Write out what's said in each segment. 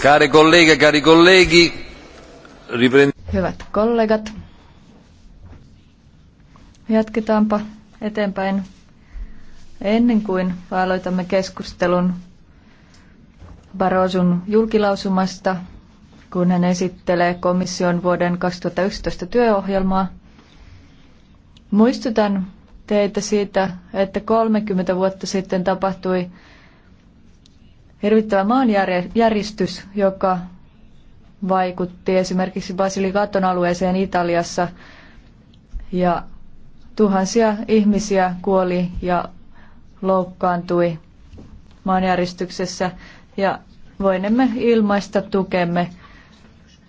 Care colleghe, cari colleghi, riprend... Hyvät kollegat, jatketaanpa eteenpäin ennen kuin aloitamme keskustelun Barosun julkilausumasta, kun hän esittelee komission vuoden 2011 työohjelmaa. Muistutan teitä siitä, että 30 vuotta sitten tapahtui hirvittävä maanjäristys, joka vaikutti esimerkiksi Basilikaton alueeseen Italiassa ja tuhansia ihmisiä kuoli ja loukkaantui maanjäristyksessä ja voinemme ilmaista tukemme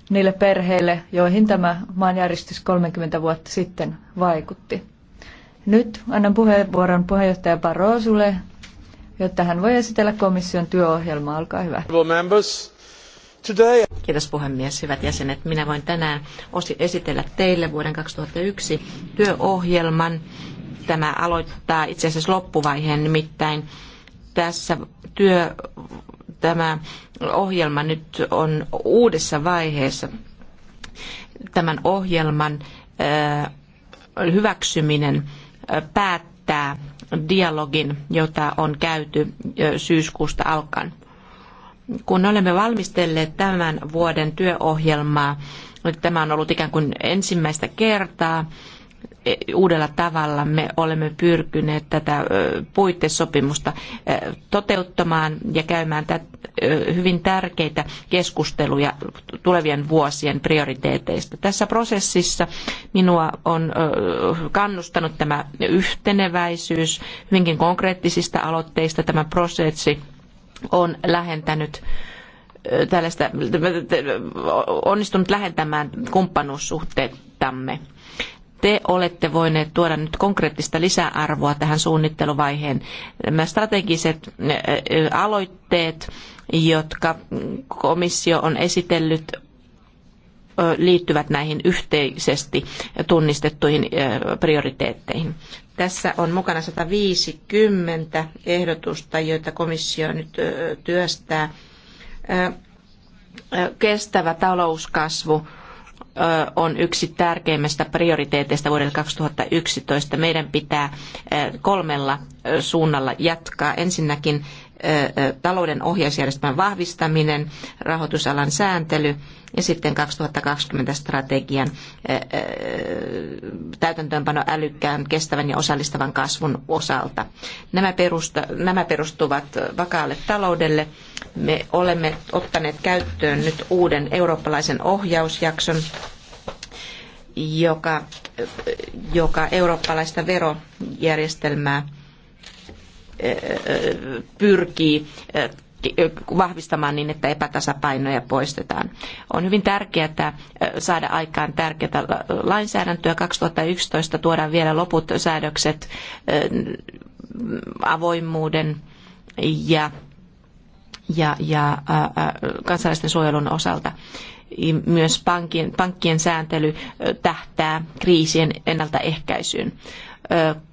niille perheille, joihin tämä maanjäristys 30 vuotta sitten vaikutti. Nyt annan puheenvuoron puheenjohtaja Barrosulle jotta hän voi esitellä komission työohjelmaa. Olkaa hyvä. Kiitos puhemies, hyvät jäsenet. Minä voin tänään esitellä teille vuoden 2001 työohjelman. Tämä aloittaa itse asiassa loppuvaiheen, nimittäin tässä työ, tämä ohjelma nyt on uudessa vaiheessa. Tämän ohjelman hyväksyminen päättää dialogin, jota on käyty syyskuusta alkaen. Kun olemme valmistelleet tämän vuoden työohjelmaa, tämä on ollut ikään kuin ensimmäistä kertaa, E, uudella tavalla me olemme pyrkineet tätä puitesopimusta toteuttamaan ja käymään hyvin tärkeitä keskusteluja tulevien vuosien prioriteeteista. Tässä prosessissa minua on kannustanut tämä yhteneväisyys, hyvinkin konkreettisista aloitteista tämä prosessi on lähentänyt tällaista, onnistunut lähentämään kumppanuussuhteitamme te olette voineet tuoda nyt konkreettista lisäarvoa tähän suunnitteluvaiheen. Nämä strategiset äh, äh, aloitteet, jotka komissio on esitellyt, liittyvät näihin yhteisesti tunnistettuihin prioriteetteihin. Tässä on mukana 150 ehdotusta, joita komissio nyt työstää. Kestävä talouskasvu, on yksi tärkeimmistä prioriteeteista vuodelle 2011. Meidän pitää kolmella suunnalla jatkaa. Ensinnäkin talouden ohjausjärjestelmän vahvistaminen, rahoitusalan sääntely ja sitten 2020 strategian täytäntöönpano älykkään, kestävän ja osallistavan kasvun osalta. Nämä, perusta, nämä perustuvat vakaalle taloudelle. Me olemme ottaneet käyttöön nyt uuden eurooppalaisen ohjausjakson, joka, joka eurooppalaista verojärjestelmää – pyrkii eh, vahvistamaan niin, että epätasapainoja poistetaan. On hyvin tärkeää eh, saada aikaan tärkeää lainsäädäntöä. 2011 tuodaan vielä loput säädökset eh, avoimuuden ja, ja, ja kansalaisten suojelun osalta myös pankkien, pankkien sääntely tähtää kriisien ennaltaehkäisyyn.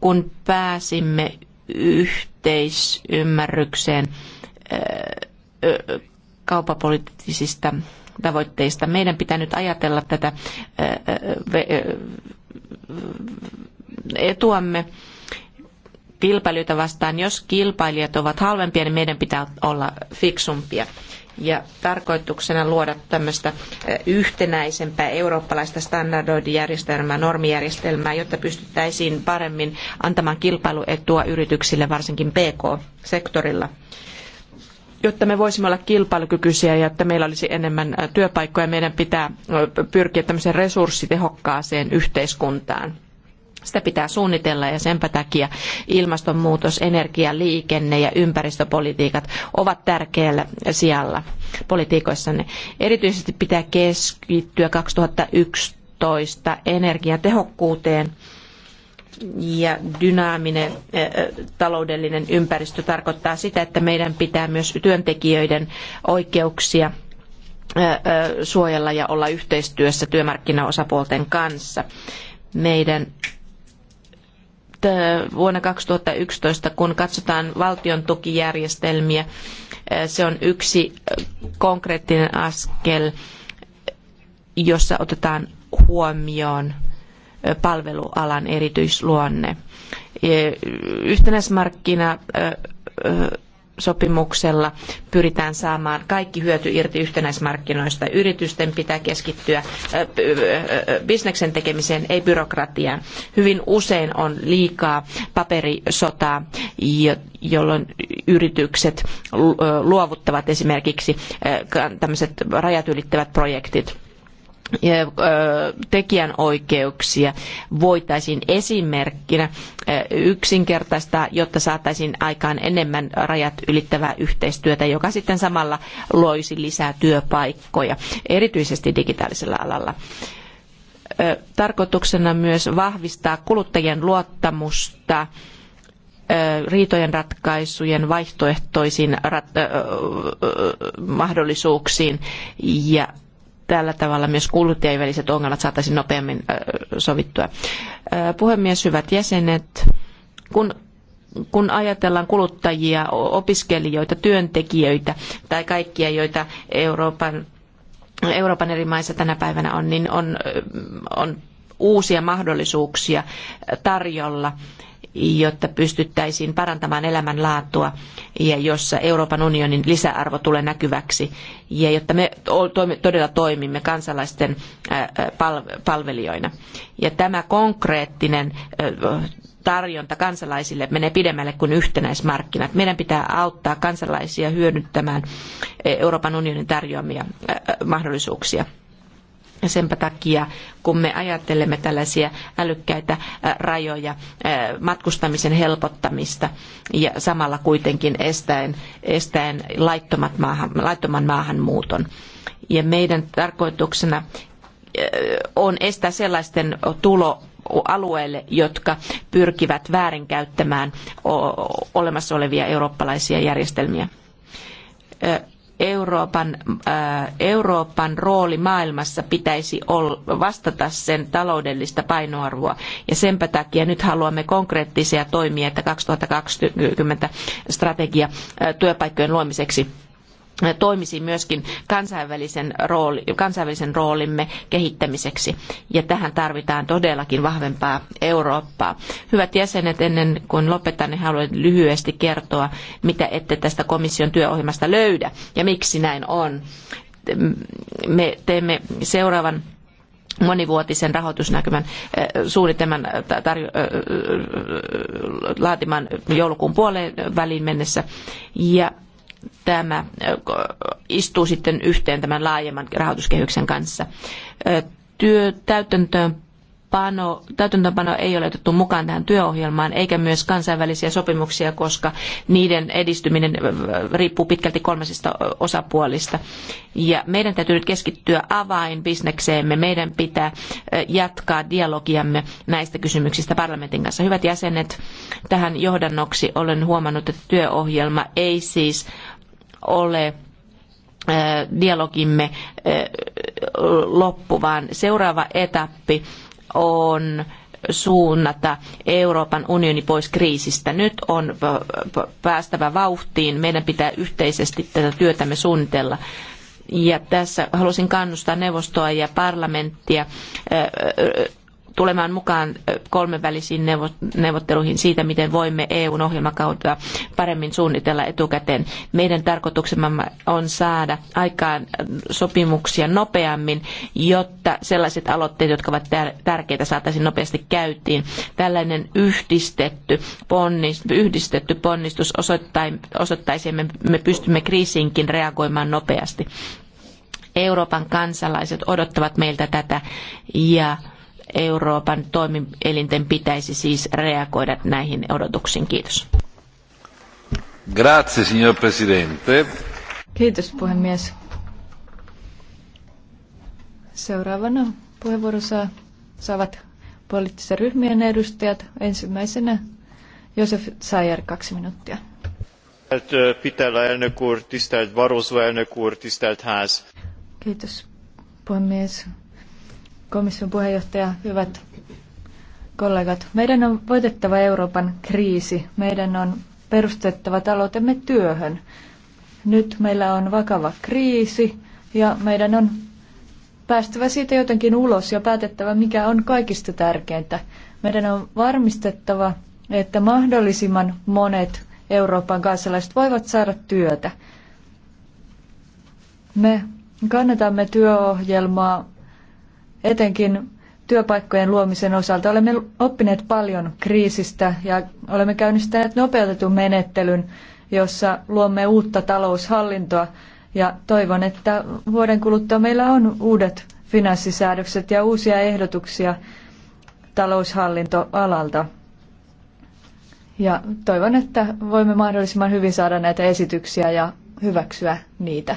Kun pääsimme yhteen, yhteisymmärrykseen kaupapoliittisista tavoitteista. Meidän pitää nyt ajatella tätä etuamme kilpailijoita vastaan. Jos kilpailijat ovat halvempia, niin meidän pitää olla fiksumpia ja tarkoituksena luoda tämmöistä yhtenäisempää eurooppalaista standardointijärjestelmää, normijärjestelmää, jotta pystyttäisiin paremmin antamaan kilpailuetua yrityksille, varsinkin PK-sektorilla jotta me voisimme olla kilpailukykyisiä ja että meillä olisi enemmän työpaikkoja, meidän pitää pyrkiä tämmöiseen resurssitehokkaaseen yhteiskuntaan. Sitä pitää suunnitella ja senpä takia ilmastonmuutos, energia, liikenne ja ympäristöpolitiikat ovat tärkeällä sijalla politiikoissanne. Erityisesti pitää keskittyä 2011 energiatehokkuuteen ja dynaaminen eh, eh, taloudellinen ympäristö tarkoittaa sitä, että meidän pitää myös työntekijöiden oikeuksia eh, suojella ja olla yhteistyössä työmarkkinaosapuolten kanssa. Meidän vuonna 2011, kun katsotaan valtion tukijärjestelmiä. Se on yksi konkreettinen askel, jossa otetaan huomioon palvelualan erityisluonne. Yhtenäismarkkina sopimuksella pyritään saamaan kaikki hyöty irti yhtenäismarkkinoista. Yritysten pitää keskittyä bisneksen tekemiseen, ei byrokratiaan. Hyvin usein on liikaa paperisotaa, jolloin yritykset luovuttavat esimerkiksi tämmöiset rajat ylittävät projektit tekijänoikeuksia voitaisiin esimerkkinä yksinkertaistaa, jotta saataisiin aikaan enemmän rajat ylittävää yhteistyötä, joka sitten samalla loisi lisää työpaikkoja, erityisesti digitaalisella alalla. Tarkoituksena myös vahvistaa kuluttajien luottamusta riitojen ratkaisujen vaihtoehtoisiin mahdollisuuksiin ja tällä tavalla myös kuluttajien väliset ongelmat saataisiin nopeammin sovittua. Puhemies, hyvät jäsenet, kun kun ajatellaan kuluttajia, opiskelijoita, työntekijöitä tai kaikkia, joita Euroopan, Euroopan eri maissa tänä päivänä on, niin on, on uusia mahdollisuuksia tarjolla jotta pystyttäisiin parantamaan elämänlaatua ja jossa Euroopan unionin lisäarvo tulee näkyväksi ja jotta me todella toimimme kansalaisten palvelijoina. Ja tämä konkreettinen tarjonta kansalaisille menee pidemmälle kuin yhtenäismarkkinat. Meidän pitää auttaa kansalaisia hyödyntämään Euroopan unionin tarjoamia mahdollisuuksia. Senpä takia, kun me ajattelemme tällaisia älykkäitä rajoja, matkustamisen helpottamista ja samalla kuitenkin estäen, estäen laittomat maahan, laittoman maahanmuuton. Ja meidän tarkoituksena on estää sellaisten tulo alueelle, jotka pyrkivät väärinkäyttämään olemassa olevia eurooppalaisia järjestelmiä Euroopan, Euroopan rooli maailmassa pitäisi vastata sen taloudellista painoarvoa. Ja senpä takia nyt haluamme konkreettisia toimia, että 2020 strategia työpaikkojen luomiseksi toimisi myöskin kansainvälisen, rooli, kansainvälisen roolimme kehittämiseksi. Ja tähän tarvitaan todellakin vahvempaa Eurooppaa. Hyvät jäsenet, ennen kuin lopetan, niin haluan lyhyesti kertoa, mitä ette tästä komission työohjelmasta löydä ja miksi näin on. Me teemme seuraavan monivuotisen rahoitusnäkymän eh, suunnitelman eh, eh, laatimaan joulukuun puoleen väliin mennessä. Ja tämä istuu sitten yhteen tämän laajemman rahoituskehyksen kanssa. Työ, täytäntöön Pano, täytäntöönpano ei ole otettu mukaan tähän työohjelmaan eikä myös kansainvälisiä sopimuksia, koska niiden edistyminen riippuu pitkälti kolmesista osapuolista. Ja meidän täytyy nyt keskittyä avainbisnekseemme. Meidän pitää jatkaa dialogiamme näistä kysymyksistä parlamentin kanssa. Hyvät jäsenet, tähän johdannoksi olen huomannut, että työohjelma ei siis ole dialogimme loppu, vaan seuraava etappi on suunnata Euroopan unioni pois kriisistä. Nyt on päästävä vauhtiin. Meidän pitää yhteisesti tätä työtämme suunnitella. Ja tässä haluaisin kannustaa neuvostoa ja parlamenttia tulemaan mukaan kolmenvälisiin neuvotteluihin siitä, miten voimme EUn ohjelmakautta paremmin suunnitella etukäteen. Meidän tarkoituksemme on saada aikaan sopimuksia nopeammin, jotta sellaiset aloitteet, jotka ovat tärkeitä, saataisiin nopeasti käyttiin. Tällainen yhdistetty, ponnistus, yhdistetty ponnistus osoittaisi, että me pystymme kriisiinkin reagoimaan nopeasti. Euroopan kansalaiset odottavat meiltä tätä ja Euroopan toimielinten pitäisi siis reagoida näihin odotuksiin. Kiitos. Grazie, signor Presidente. Kiitos, puhemies. Seuraavana puheenvuorossa saavat poliittisen ryhmien edustajat. Ensimmäisenä Josef Sayer, kaksi minuuttia. Tisztelt Pitella elnök úr, tisztelt Barroso Kiitos, puhemies komission puheenjohtaja, hyvät kollegat. Meidän on voitettava Euroopan kriisi. Meidän on perustettava taloutemme työhön. Nyt meillä on vakava kriisi ja meidän on päästävä siitä jotenkin ulos ja päätettävä, mikä on kaikista tärkeintä. Meidän on varmistettava, että mahdollisimman monet Euroopan kansalaiset voivat saada työtä. Me kannatamme työohjelmaa etenkin työpaikkojen luomisen osalta. Olemme oppineet paljon kriisistä ja olemme käynnistäneet nopeutetun menettelyn, jossa luomme uutta taloushallintoa ja toivon, että vuoden kuluttua meillä on uudet finanssisäädökset ja uusia ehdotuksia taloushallintoalalta. Ja toivon, että voimme mahdollisimman hyvin saada näitä esityksiä ja hyväksyä niitä.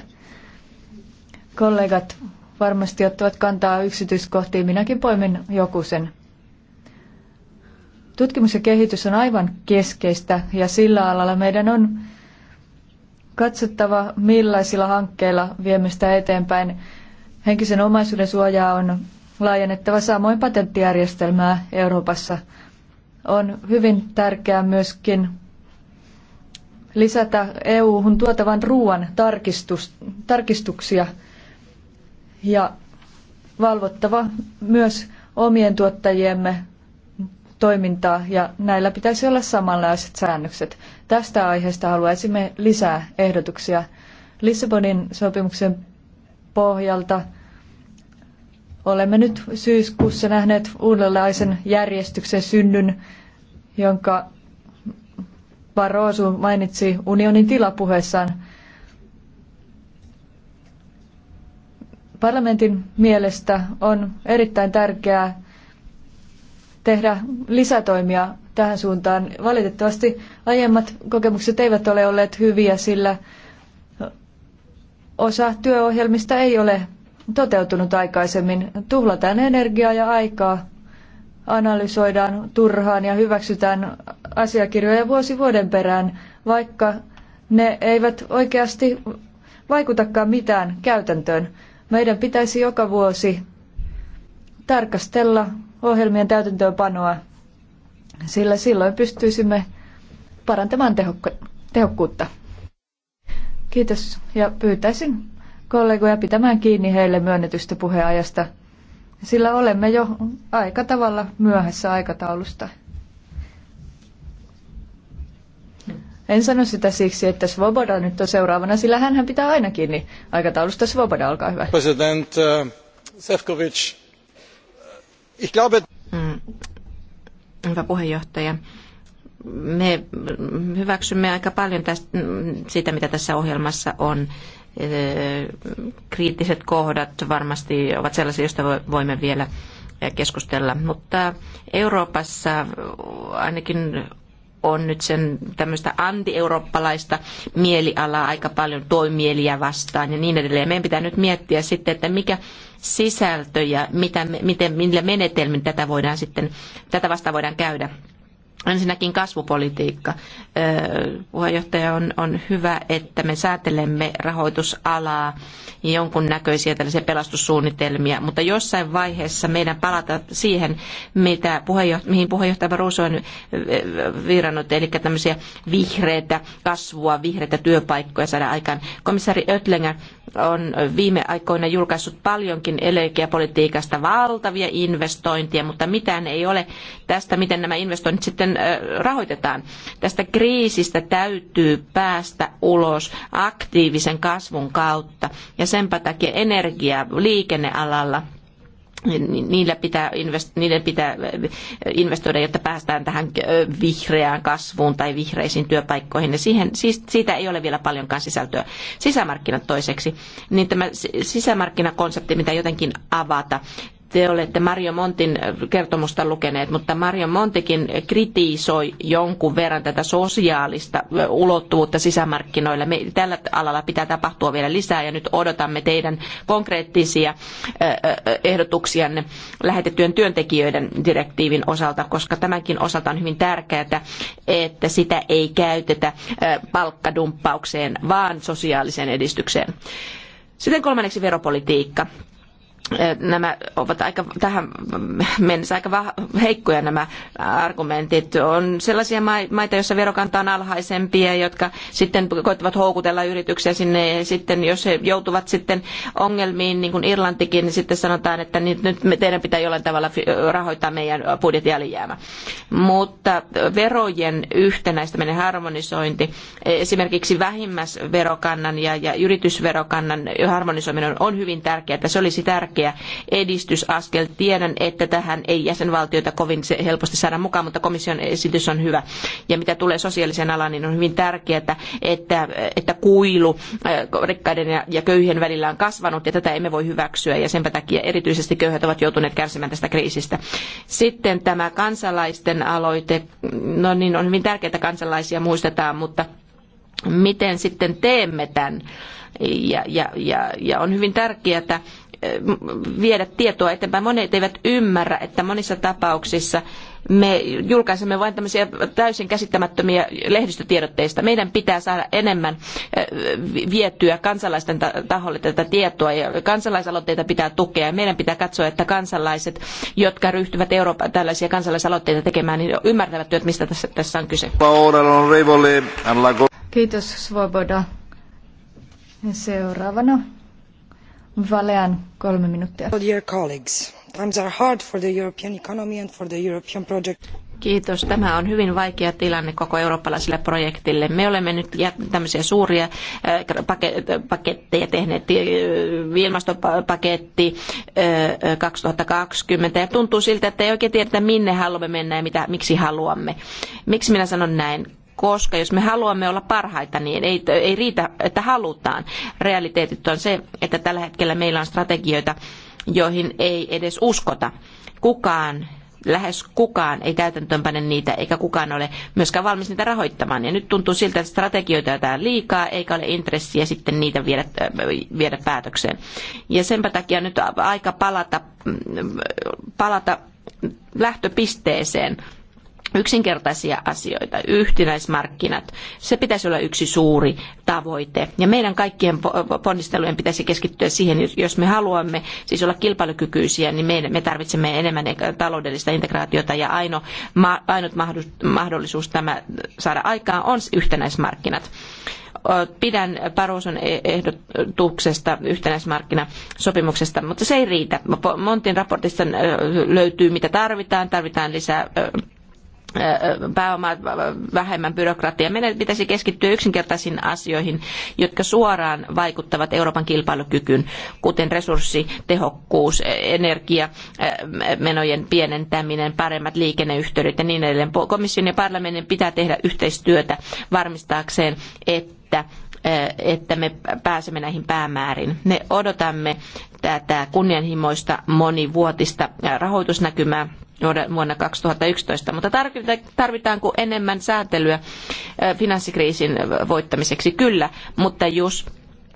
Kollegat, varmasti ottavat kantaa yksityiskohtiin. Minäkin poimin sen. Tutkimus ja kehitys on aivan keskeistä ja sillä alalla meidän on katsottava, millaisilla hankkeilla viemme sitä eteenpäin. Henkisen omaisuuden suojaa on laajennettava samoin patenttijärjestelmää Euroopassa. On hyvin tärkeää myöskin lisätä EU-hun tuotavan ruoan tarkistuksia ja valvottava myös omien tuottajiemme toimintaa ja näillä pitäisi olla samanlaiset säännökset. Tästä aiheesta haluaisimme lisää ehdotuksia. Lissabonin sopimuksen pohjalta olemme nyt syyskuussa nähneet uudenlaisen järjestyksen synnyn, jonka Barroso mainitsi unionin tilapuheessaan Parlamentin mielestä on erittäin tärkeää tehdä lisätoimia tähän suuntaan. Valitettavasti aiemmat kokemukset eivät ole olleet hyviä, sillä osa työohjelmista ei ole toteutunut aikaisemmin. Tuhlataan energiaa ja aikaa, analysoidaan turhaan ja hyväksytään asiakirjoja vuosi vuoden perään, vaikka ne eivät oikeasti vaikutakaan mitään käytäntöön. Meidän pitäisi joka vuosi tarkastella ohjelmien täytäntöönpanoa, sillä silloin pystyisimme parantamaan tehokkuutta. Kiitos ja pyytäisin kollegoja pitämään kiinni heille myönnetystä puheajasta, sillä olemme jo aika tavalla myöhässä aikataulusta. En sano sitä siksi, että Svoboda nyt on seuraavana, sillä hän pitää aina kiinni aikataulusta. Svoboda, olkaa hyvä. President uh, Sefcovic, uh, ich glaube... Mm. Hyvä puheenjohtaja me hyväksymme aika paljon tästä, mm, sitä, mitä tässä ohjelmassa on. Uh, kriittiset kohdat varmasti ovat sellaisia, joista voimme vielä eh, keskustella. Mutta Euroopassa ainakin on nyt sen tämmöistä anti-eurooppalaista mielialaa aika paljon toimieliä vastaan ja niin edelleen. Meidän pitää nyt miettiä sitten, että mikä sisältö ja mitä, miten, millä menetelmin tätä, voidaan sitten, tätä vastaan voidaan käydä Ensinnäkin kasvupolitiikka. Puheenjohtaja, on, on hyvä, että me säätelemme rahoitusalaa ja jonkunnäköisiä tällaisia pelastussuunnitelmia, mutta jossain vaiheessa meidän palata siihen, mitä puheenjohtaja, mihin puheenjohtaja Ruuso on virannut, eli tämmöisiä vihreitä kasvua, vihreitä työpaikkoja saada aikaan. Komissaari Ötlinger on viime aikoina julkaissut paljonkin energiapolitiikasta valtavia investointeja, mutta mitään ei ole tästä, miten nämä investoinnit sitten sitten rahoitetaan. Tästä kriisistä täytyy päästä ulos aktiivisen kasvun kautta ja senpä takia energia liikennealalla niin, niin niillä pitää niiden pitää investoida, jotta päästään tähän vihreään kasvuun tai vihreisiin työpaikkoihin. Ja siihen, siis siitä ei ole vielä paljonkaan sisältöä. Sisämarkkinat toiseksi, niin tämä sisämarkkinakonsepti, mitä jotenkin avata, te olette Mario Montin kertomusta lukeneet, mutta Mario Montikin kritisoi jonkun verran tätä sosiaalista ulottuvuutta sisämarkkinoilla. Me, tällä alalla pitää tapahtua vielä lisää ja nyt odotamme teidän konkreettisia ehdotuksianne lähetettyjen työntekijöiden direktiivin osalta, koska tämäkin osalta on hyvin tärkeää, että sitä ei käytetä palkkadumppaukseen, vaan sosiaaliseen edistykseen. Sitten kolmanneksi veropolitiikka nämä ovat aika tähän mennessä aika heikkoja nämä argumentit. On sellaisia maita, joissa verokanta on alhaisempi ja jotka sitten koittavat houkutella yrityksiä sinne ja sitten jos he joutuvat sitten ongelmiin, niin kuin Irlantikin, niin sitten sanotaan, että nyt teidän pitää jollain tavalla rahoittaa meidän budjetin alijäämä. Mutta verojen yhtenäistäminen harmonisointi, esimerkiksi vähimmäisverokannan ja, ja yritysverokannan harmonisoiminen on hyvin tärkeää. Se olisi tärkeää tärkeä edistysaskel. Tiedän, että tähän ei jäsenvaltioita kovin helposti saada mukaan, mutta komission esitys on hyvä. Ja mitä tulee sosiaaliseen alaan, niin on hyvin tärkeää, että, että kuilu rikkaiden ja köyhien välillä on kasvanut, ja tätä emme voi hyväksyä, ja sen takia erityisesti köyhät ovat joutuneet kärsimään tästä kriisistä. Sitten tämä kansalaisten aloite, no niin, on hyvin tärkeää, että kansalaisia muistetaan, mutta miten sitten teemme tämän? Ja, ja, ja, ja on hyvin tärkeää, viedä tietoa eteenpäin. Monet eivät ymmärrä, että monissa tapauksissa me julkaisemme vain tämmöisiä täysin käsittämättömiä lehdistötiedotteista. Meidän pitää saada enemmän vietyä kansalaisten taholle tätä tietoa ja kansalaisaloitteita pitää tukea ja meidän pitää katsoa, että kansalaiset, jotka ryhtyvät Euroopan tällaisia kansalaisaloitteita tekemään, niin ymmärtävät työt, mistä tässä, tässä on kyse. Kiitos Svoboda. Seuraavana Valean, kolme minuuttia. Dear colleagues, times are hard for the European economy and for the European project. Kiitos. Tämä on hyvin vaikea tilanne koko eurooppalaiselle projektille. Me olemme nyt tämmöisiä suuria äh, paketteja tehneet, ilmastopaketti 2020, äh, ja tuntuu siltä, että ei oikein tiedetä, minne haluamme mennä ja mitä, miksi haluamme. Miksi minä sanon näin? koska jos me haluamme olla parhaita, niin ei, ei riitä, että halutaan. Realiteetit on se, että tällä hetkellä meillä on strategioita, joihin ei edes uskota. Kukaan lähes kukaan ei täytäntöönpäne niitä, eikä kukaan ole myöskään valmis niitä rahoittamaan. Ja nyt tuntuu siltä, että strategioita on liikaa, eikä ole intressiä sitten niitä viedä, viedä päätökseen. Ja senpä takia nyt aika palata, palata lähtöpisteeseen yksinkertaisia asioita, yhtenäismarkkinat. Se pitäisi olla yksi suuri tavoite. Ja meidän kaikkien ponnistelujen pitäisi keskittyä siihen, jos me haluamme siis olla kilpailukykyisiä, niin me tarvitsemme enemmän e-, taloudellista integraatiota ja aino, ainut mahdollisuus tämä saada aikaan on yhtenäismarkkinat pidän Paroson e-, ehdotuksesta yhtenäismarkkinasopimuksesta, mutta se ei riitä. Montin raportista löytyy mitä tarvitaan. Tarvitaan lisää pääomaa, vähemmän byrokratiaa. Meidän pitäisi keskittyä yksinkertaisiin asioihin, jotka suoraan vaikuttavat Euroopan kilpailukykyyn, kuten resurssitehokkuus, e, energia, menojen pienentäminen, paremmat liikenneyhteydet ja niin edelleen. Komission ja parlamentin pitää tehdä yhteistyötä varmistaakseen, että Eh, että me pääsemme näihin päämääriin. Me odotamme tätä kunnianhimoista monivuotista eh, rahoitusnäkymää vuonna 2011, mutta tarvitaanko enemmän sääntelyä eh, finanssikriisin voittamiseksi? Kyllä, mutta jos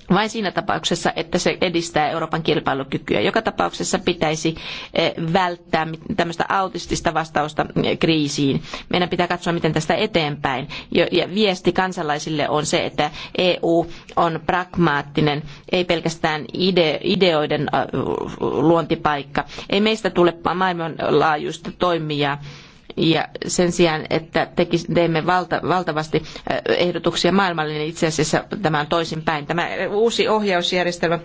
vain siinä tapauksessa, että se edistää Euroopan kilpailukykyä. Joka tapauksessa pitäisi eh, välttää tämmöistä autistista vastausta eh, kriisiin. Meidän pitää katsoa, miten tästä eteenpäin. Ja viesti kansalaisille on se, että EU on pragmaattinen, ei pelkästään ideoiden eh, luontipaikka. Ei meistä tule maailmanlaajuista toimijaa ja sen sijaan, että tekis, teemme valta, valtavasti äh, ehdotuksia maailmalle, niin itse asiassa tämä on toisinpäin. Tämä uusi ohjausjärjestelmä,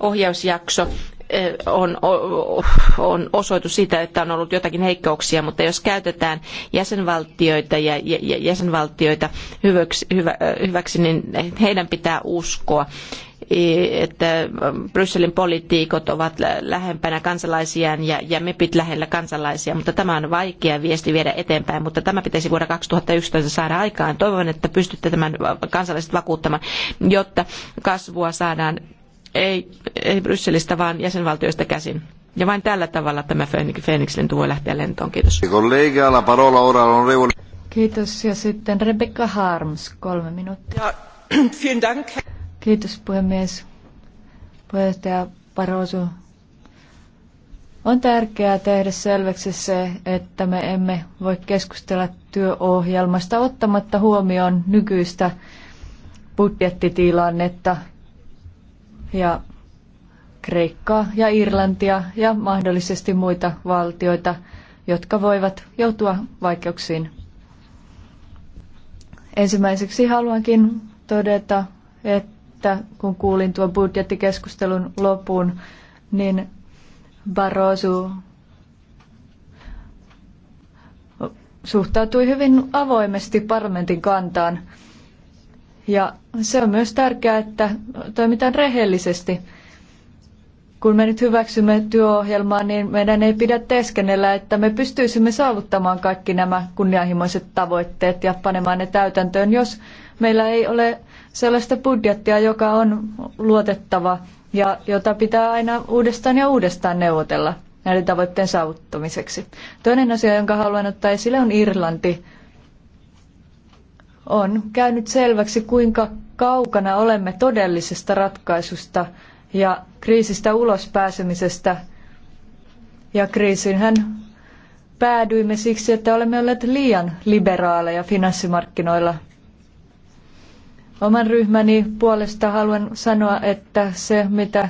ohjausjakso äh, on, on osoitus siitä, että on ollut jotakin heikkouksia, mutta jos käytetään jäsenvaltioita ja jäsenvaltioita hyväksi, hyvä, äh, hyväksi niin heidän pitää uskoa että Brysselin poliitikot ovat lähempänä kansalaisiaan ja, ja MEPit lähellä kansalaisia, mutta tämä on vaikea viesti viedä eteenpäin, mutta tämä pitäisi vuonna 2011 saada aikaan. Toivon, että pystytte tämän kansalaiset vakuuttamaan, jotta kasvua saadaan ei, ei Brysselistä, vaan jäsenvaltioista käsin. Ja vain tällä tavalla tämä Phoenix-lentu voi lähteä lentoon. Kiitos. Kiitos. Ja sitten Rebecca Harms, kolme minuuttia. Ja, vielen dank. Kiitos puhemies. Puheenjohtaja Parosu. On tärkeää tehdä selväksi se, että me emme voi keskustella työohjelmasta ottamatta huomioon nykyistä budjettitilannetta ja Kreikkaa ja Irlantia ja mahdollisesti muita valtioita, jotka voivat joutua vaikeuksiin. Ensimmäiseksi haluankin todeta, että että kun kuulin tuon budjettikeskustelun lopun, niin Barroso suhtautui hyvin avoimesti parlamentin kantaan. Ja se on myös tärkeää, että toimitaan rehellisesti. Kun me nyt hyväksymme työohjelmaa, niin meidän ei pidä teeskennellä, että me pystyisimme saavuttamaan kaikki nämä kunnianhimoiset tavoitteet ja panemaan ne täytäntöön, jos Meillä ei ole sellaista budjettia, joka on luotettava ja jota pitää aina uudestaan ja uudestaan neuvotella näiden tavoitteen saavuttamiseksi. Toinen asia, jonka haluan ottaa esille, on Irlanti. On käynyt selväksi, kuinka kaukana olemme todellisesta ratkaisusta ja kriisistä ulos pääsemisestä. Ja kriisinhän päädyimme siksi, että olemme olleet liian liberaaleja finanssimarkkinoilla Oman ryhmäni puolesta haluan sanoa, että se mitä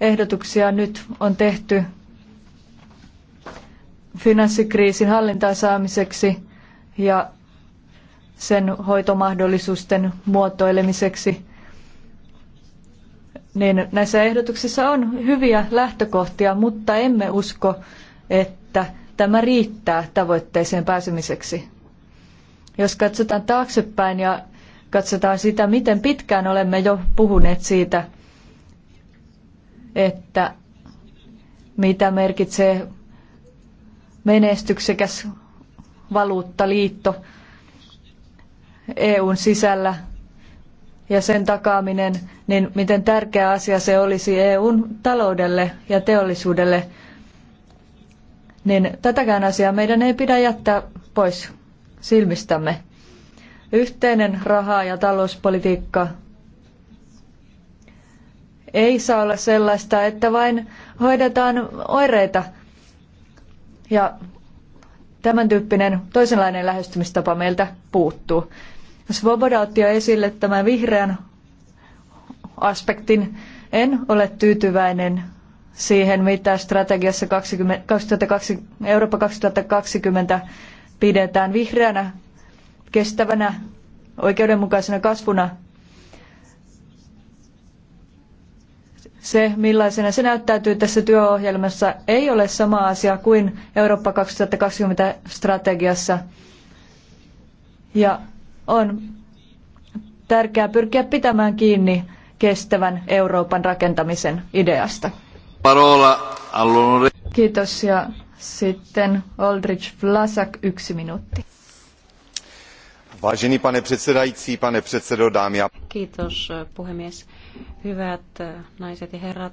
ehdotuksia nyt on tehty finanssikriisin hallintaan saamiseksi ja sen hoitomahdollisuusten muotoilemiseksi, niin näissä ehdotuksissa on hyviä lähtökohtia, mutta emme usko, että tämä riittää tavoitteeseen pääsemiseksi. Jos katsotaan taaksepäin ja katsotaan sitä, miten pitkään olemme jo puhuneet siitä, että mitä merkitsee menestyksekäs valuuttaliitto EUn sisällä ja sen takaaminen, niin miten tärkeä asia se olisi EUn taloudelle ja teollisuudelle, niin tätäkään asiaa meidän ei pidä jättää pois silmistämme. Yhteinen raha- ja talouspolitiikka ei saa olla sellaista, että vain hoidetaan oireita. Ja tämän tyyppinen toisenlainen lähestymistapa meiltä puuttuu. Svoboda otti jo esille tämän vihreän aspektin. En ole tyytyväinen siihen, mitä strategiassa 2020, Eurooppa 2020 pidetään vihreänä kestävänä oikeudenmukaisena kasvuna. Se, millaisena se näyttäytyy tässä työohjelmassa, ei ole sama asia kuin Eurooppa 2020 strategiassa. Ja on tärkeää pyrkiä pitämään kiinni kestävän Euroopan rakentamisen ideasta. Parola Kiitos ja sitten Aldrich Vlasak yksi minuutti. Vážený pane předsedající, pane předsedo, dámy a... Kiitos puhemies. Hyvät eh, naiset ja herrat,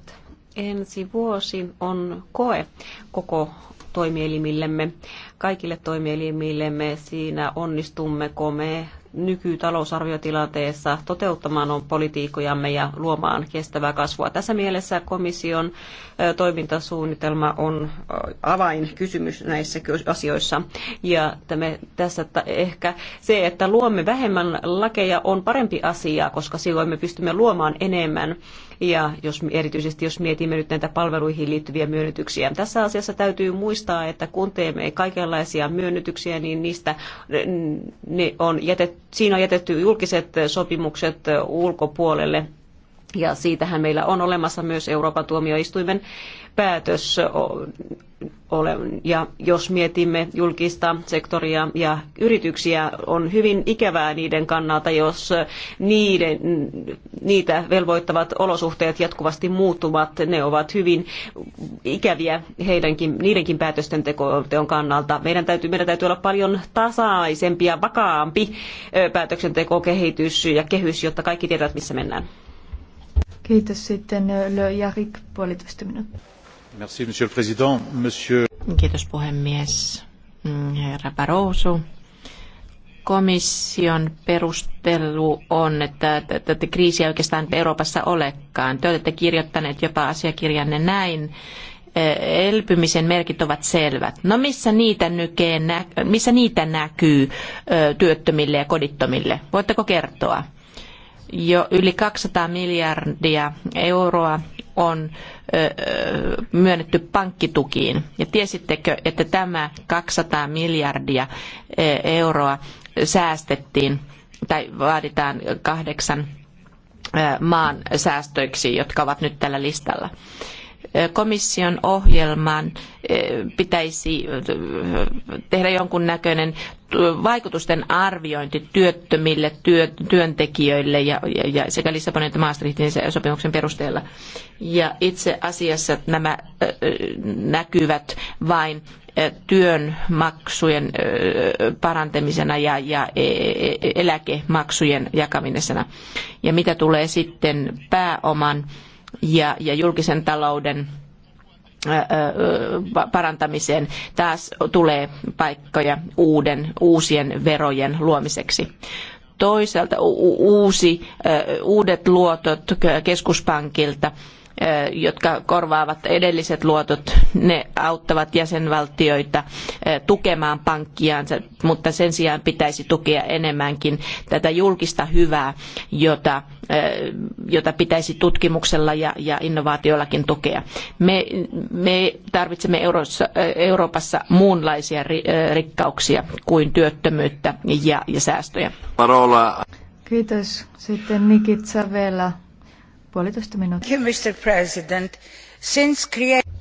ensi vuosi on koe koko toimielimillemme, kaikille toimielimillemme siinä onnistummeko me nykytalousarviotilanteessa toteuttamaan on politiikkojamme ja luomaan kestävää kasvua. Tässä mielessä komission toimintasuunnitelma on avainkysymys näissä asioissa. Ja me tässä ehkä se, että luomme vähemmän lakeja on parempi asia, koska silloin me pystymme luomaan enemmän ja jos, erityisesti jos mietimme nyt näitä palveluihin liittyviä myönnytyksiä. Tässä asiassa täytyy muistaa, että kun teemme kaikenlaisia myönnytyksiä, niin niistä ne on jätet, siinä on jätetty julkiset sopimukset ulkopuolelle ja siitähän meillä on olemassa myös Euroopan tuomioistuimen päätös. Ja jos mietimme julkista sektoria ja yrityksiä, on hyvin ikävää niiden kannalta, jos niiden, niitä velvoittavat olosuhteet jatkuvasti muuttuvat. Ne ovat hyvin ikäviä heidänkin, niidenkin päätösten teon kannalta. Meidän täytyy, meidän täytyy olla paljon tasaisempi ja vakaampi päätöksentekokehitys ja kehys, jotta kaikki tietävät, missä mennään. Kiitos sitten äh, Le Jarik, puolitoista minuuttia. Merci, monsieur le président. Monsieur... Kiitos puhemies. Mm, herra Barroso, komission perustelu on, että, että, että kriisiä oikeastaan Euroopassa olekaan. Te olette kirjoittaneet jopa asiakirjanne näin. Elpymisen merkit ovat selvät. No missä niitä, nykee, missä niitä näkyy työttömille ja kodittomille? Voitteko kertoa? jo yli 200 miljardia euroa on myönnetty pankkitukiin. Ja tiesittekö, että tämä 200 miljardia euroa säästettiin tai vaaditaan kahdeksan maan säästöiksi, jotka ovat nyt tällä listalla komission ohjelmaan eh, pitäisi eh, tehdä jonkun näköinen vaikutusten arviointi työttömille työntekijöille ja, ja, sekä Lissabonin että Maastrichtin sopimuksen perusteella. Ja itse asiassa nämä eh, näkyvät vain työn maksujen parantamisena ja, ja e, e, eläkemaksujen jakamisena. Ja mitä tulee sitten pääoman ja, ja julkisen talouden parantamiseen taas tulee paikkoja uuden, uusien verojen luomiseksi. Toisaalta uusi, uudet luotot keskuspankilta jotka korvaavat edelliset luotot, ne auttavat jäsenvaltioita tukemaan pankkiansa, mutta sen sijaan pitäisi tukea enemmänkin tätä julkista hyvää, jota, jota pitäisi tutkimuksella ja, ja innovaatioillakin tukea. Me, me tarvitsemme Euroopassa muunlaisia rikkauksia kuin työttömyyttä ja, ja säästöjä. Parola. Kiitos. Sitten Nikit Savela Puolitoista minuuttia.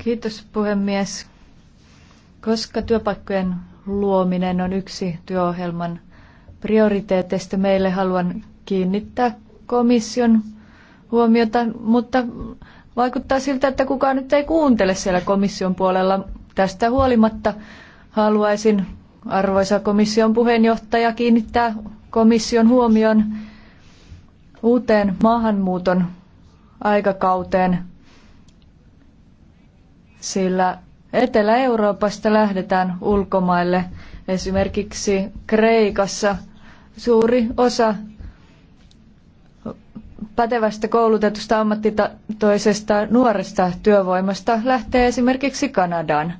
Kiitos puhemies. Koska työpaikkojen luominen on yksi työohjelman prioriteeteista, meille haluan kiinnittää komission huomiota, mutta vaikuttaa siltä, että kukaan nyt ei kuuntele siellä komission puolella. Tästä huolimatta haluaisin, arvoisa komission puheenjohtaja, kiinnittää komission huomion uuteen maahanmuuton aikakauteen, sillä Etelä-Euroopasta lähdetään ulkomaille. Esimerkiksi Kreikassa suuri osa pätevästä koulutetusta ammattitoisesta nuoresta työvoimasta lähtee esimerkiksi Kanadaan.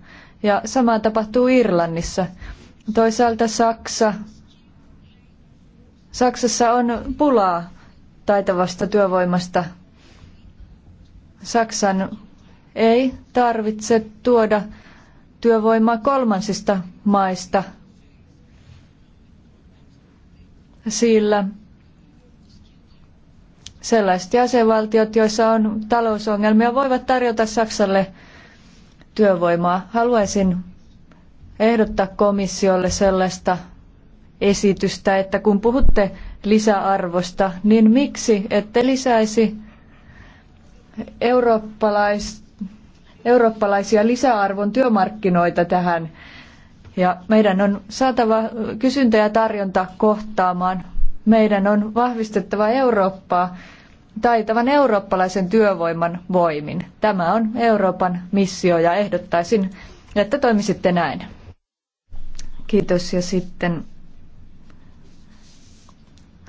Ja sama tapahtuu Irlannissa. Toisaalta Saksa. Saksassa on pulaa taitavasta työvoimasta Saksan ei tarvitse tuoda työvoimaa kolmansista maista, sillä sellaiset jäsenvaltiot, joissa on talousongelmia, voivat tarjota Saksalle työvoimaa. Haluaisin ehdottaa komissiolle sellaista esitystä, että kun puhutte lisäarvosta, niin miksi ette lisäisi eurooppalais, eurooppalaisia lisäarvon työmarkkinoita tähän. Ja meidän on saatava kysyntä ja tarjonta kohtaamaan. Meidän on vahvistettava Eurooppaa taitavan eurooppalaisen työvoiman voimin. Tämä on Euroopan missio ja ehdottaisin, että toimisitte näin. Kiitos ja sitten,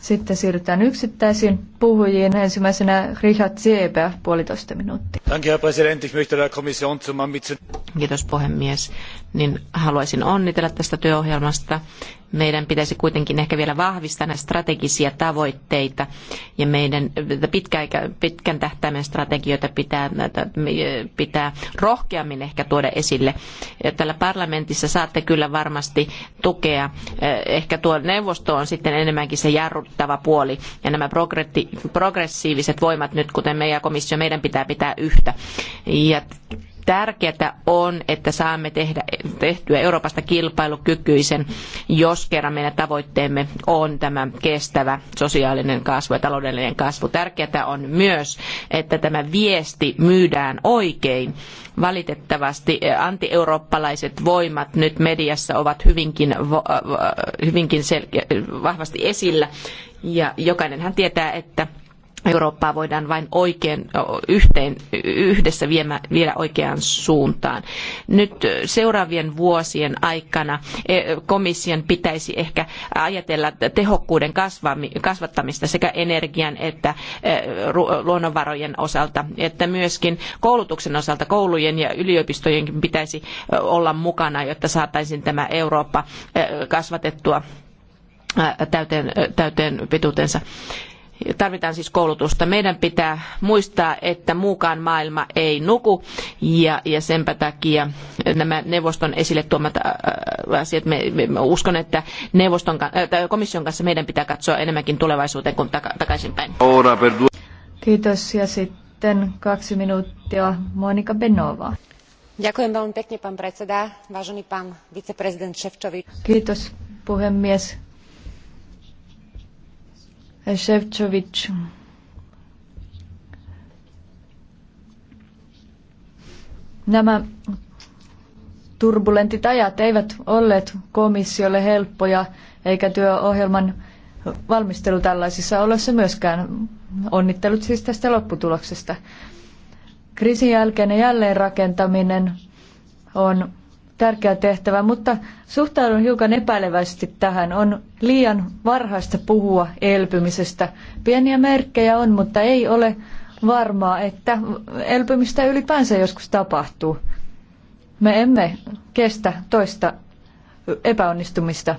sitten siirrytään yksittäisiin puhujiin. Ensimmäisenä Richard Seeber, puolitoista minuuttia. Kiitos puhemies. Niin haluaisin onnitella tästä työohjelmasta. Meidän pitäisi kuitenkin ehkä vielä vahvistaa näitä strategisia tavoitteita ja meidän pitkän tähtäimen strategioita pitää, pitää rohkeammin ehkä tuoda esille. Tällä parlamentissa saatte kyllä varmasti tukea. Ehkä tuo neuvosto on sitten enemmänkin se jarruttava puoli ja nämä progressiiviset voimat nyt, kuten me ja komissio, meidän pitää pitää yhtä. Ja tärkeää on, että saamme tehdä, tehtyä Euroopasta kilpailukykyisen, jos kerran meidän tavoitteemme on tämä kestävä sosiaalinen kasvu ja taloudellinen kasvu. Tärkeää on myös, että tämä viesti myydään oikein. Valitettavasti eh, antieurooppalaiset voimat nyt mediassa ovat hyvinkin, eh, hyvinkin selkeä, vahvasti esillä ja jokainenhan tietää, että Eurooppaa voidaan vain oikein, yhteen, yhdessä viemä, viedä oikeaan suuntaan. Nyt seuraavien vuosien aikana e, komission pitäisi ehkä ajatella tehokkuuden kasvattamista sekä energian että luonnonvarojen osalta, että myöskin koulutuksen osalta koulujen ja yliopistojenkin pitäisi olla mukana, jotta saataisiin tämä Eurooppa kasvatettua Äh, täyteen, äh, täyteen pituutensa. Tarvitaan siis koulutusta. Meidän pitää muistaa, että muukaan maailma ei nuku ja, ja senpä takia nämä neuvoston esille tuomat äh, asiat, me, me uskon, että neuvoston, äh, komission kanssa meidän pitää katsoa enemmänkin tulevaisuuteen kuin taka, takaisinpäin. Kiitos ja sitten kaksi minuuttia Monika Benova. Kiitos puhemies, Ševčovič. Nämä turbulentit ajat eivät olleet komissiolle helppoja, eikä työohjelman valmistelu tällaisissa oloissa myöskään. Onnittelut siis tästä lopputuloksesta. Kriisin jälkeinen jälleenrakentaminen on tärkeä tehtävä, mutta suhtaudun hiukan epäilevästi tähän. On liian varhaista puhua elpymisestä. Pieniä merkkejä on, mutta ei ole varmaa, että elpymistä ylipäänsä joskus tapahtuu. Me emme kestä toista epäonnistumista.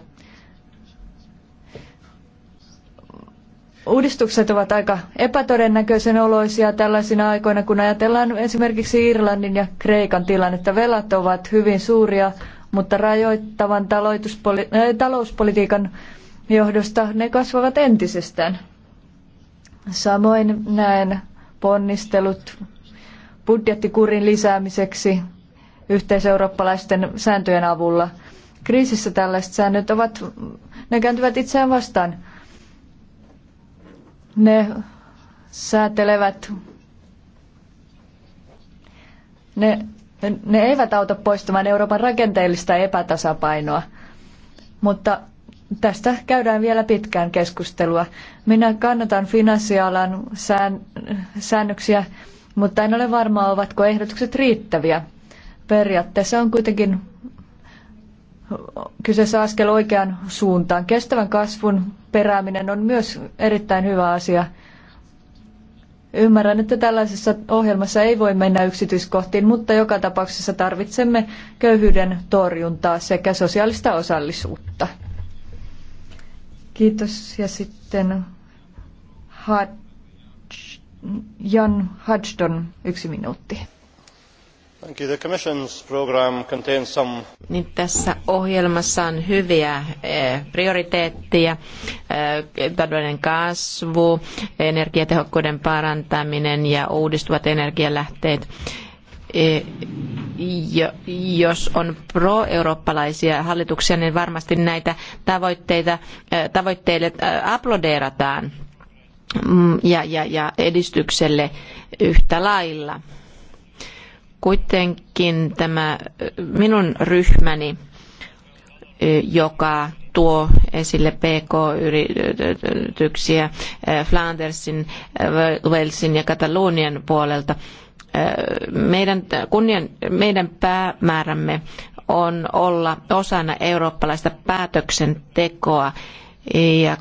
Uudistukset ovat aika epätodennäköisen oloisia tällaisina aikoina, kun ajatellaan esimerkiksi Irlannin ja Kreikan tilannetta. Velat ovat hyvin suuria, mutta rajoittavan äh, talouspolitiikan johdosta ne kasvavat entisestään. Samoin näen ponnistelut budjettikurin lisäämiseksi yhteiseurooppalaisten sääntöjen avulla. Kriisissä tällaiset säännöt ovat, ne kääntyvät itseään vastaan. Ne säätelevät, ne, ne eivät auta poistamaan Euroopan rakenteellista epätasapainoa, mutta tästä käydään vielä pitkään keskustelua. Minä kannatan finanssialan sään, säännöksiä, mutta en ole varma, ovatko ehdotukset riittäviä. Periaatteessa on kuitenkin kyseessä askel oikeaan suuntaan. Kestävän kasvun perääminen on myös erittäin hyvä asia. Ymmärrän, että tällaisessa ohjelmassa ei voi mennä yksityiskohtiin, mutta joka tapauksessa tarvitsemme köyhyyden torjuntaa sekä sosiaalista osallisuutta. Kiitos. Ja sitten Jan Hodgson, yksi minuutti. Niin tässä ohjelmassa on hyviä eh, prioriteetteja, eh, talouden kasvu, energiatehokkuuden parantaminen ja uudistuvat energialähteet. Eh, jos on pro-eurooppalaisia hallituksia, niin varmasti näitä tavoitteita, tavoitteille aplodeerataan mm, ja, ja, ja edistykselle yhtä lailla Kuitenkin tämä minun ryhmäni, joka tuo esille PK-yrityksiä Flandersin, Walesin ja Katalonian puolelta. Meidän, kunnian, meidän päämäärämme on olla osana eurooppalaista päätöksentekoa ja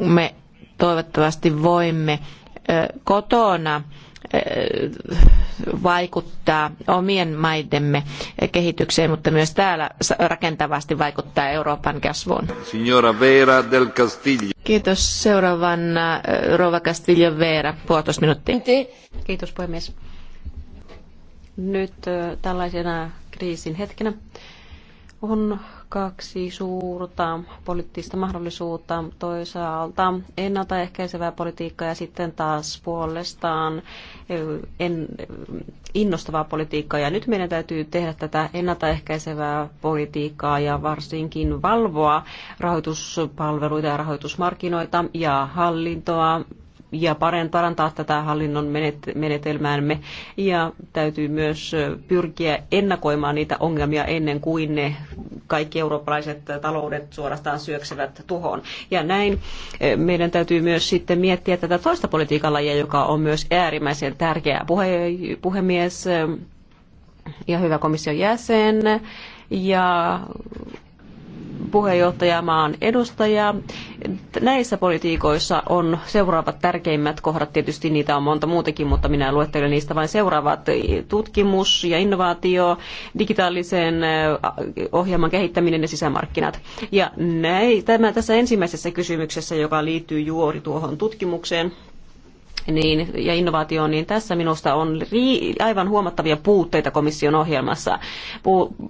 me toivottavasti voimme kotona Eh, vaikuttaa omien maidemme kehitykseen, mutta myös täällä rakentavasti vaikuttaa Euroopan kasvuun. Signora Vera del Castillo. Kiitos. Seuraavan eh, Rova Castillo Vera, puolitoista minuuttia. Kiitos puhemies. Nyt eh, tällaisena kriisin hetkenä on kaksi suurta poliittista mahdollisuutta. Toisaalta ennaltaehkäisevää politiikkaa ja sitten taas puolestaan en, innostavaa politiikkaa. Ja nyt meidän täytyy tehdä tätä ennaltaehkäisevää politiikkaa ja varsinkin valvoa rahoituspalveluita ja rahoitusmarkkinoita ja hallintoa ja parantaa tätä hallinnon menetelmäämme. Ja täytyy myös pyrkiä ennakoimaan niitä ongelmia ennen kuin ne kaikki eurooppalaiset taloudet suorastaan syöksevät tuhoon. Ja näin e, meidän täytyy myös sitten miettiä tätä toista politiikan lajia, joka on myös äärimmäisen tärkeää. Puhe, puhemies e, ja hyvä komission jäsen ja puheenjohtajamaan edustajaa. Näissä politiikoissa on seuraavat tärkeimmät kohdat, tietysti niitä on monta muutakin, mutta minä luettelen niistä vain seuraavat. Tutkimus ja innovaatio, digitaalisen äh, ohjelman kehittäminen ja sisämarkkinat. Ja näin, tämä tässä ensimmäisessä kysymyksessä, joka liittyy juuri tuohon tutkimukseen, niin, ja innovaatioon, niin tässä minusta on aivan huomattavia puutteita komission ohjelmassa.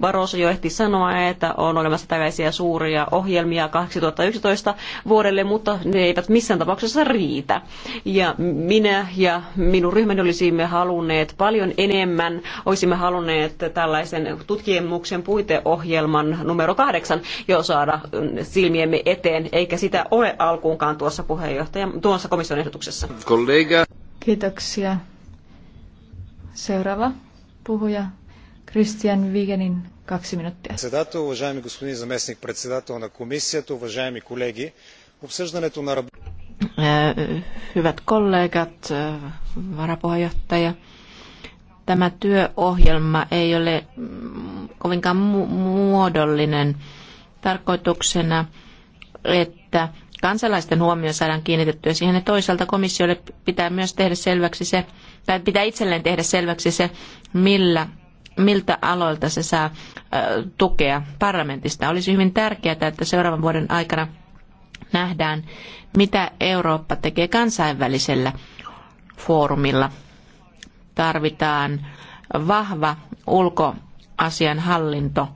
Barroso jo ehti sanoa, että on olemassa tällaisia suuria ohjelmia 2011 vuodelle, mutta ne eivät missään tapauksessa riitä. Ja minä ja minun ryhmäni olisimme halunneet paljon enemmän, olisimme halunneet tällaisen tutkimuksen puiteohjelman numero kahdeksan jo saada mm, silmiemme eteen, eikä sitä ole alkuunkaan tuossa, puheenjohtajan, tuossa komission ehdotuksessa. Kollega. Kiitoksia. Seuraava puhuja Kristian Vigenin kaksi minuuttia. Председател, уважаеми господин заместник председател на комисията, уважаеми колеги, обсъждането на Hyvät kollegat, varapuheenjohtaja, tämä työohjelma ei ole kovinkaan mu- muodollinen. Tarkoituksena, että kansalaisten huomio saadaan kiinnitettyä siihen ja toisaalta komissiolle pitää myös tehdä selväksi se, tai pitää itselleen tehdä selväksi se, millä, miltä aloilta se saa tukea parlamentista. Olisi hyvin tärkeää, että seuraavan vuoden aikana nähdään, mitä Eurooppa tekee kansainvälisellä foorumilla. Tarvitaan vahva ulkoasian hallinto,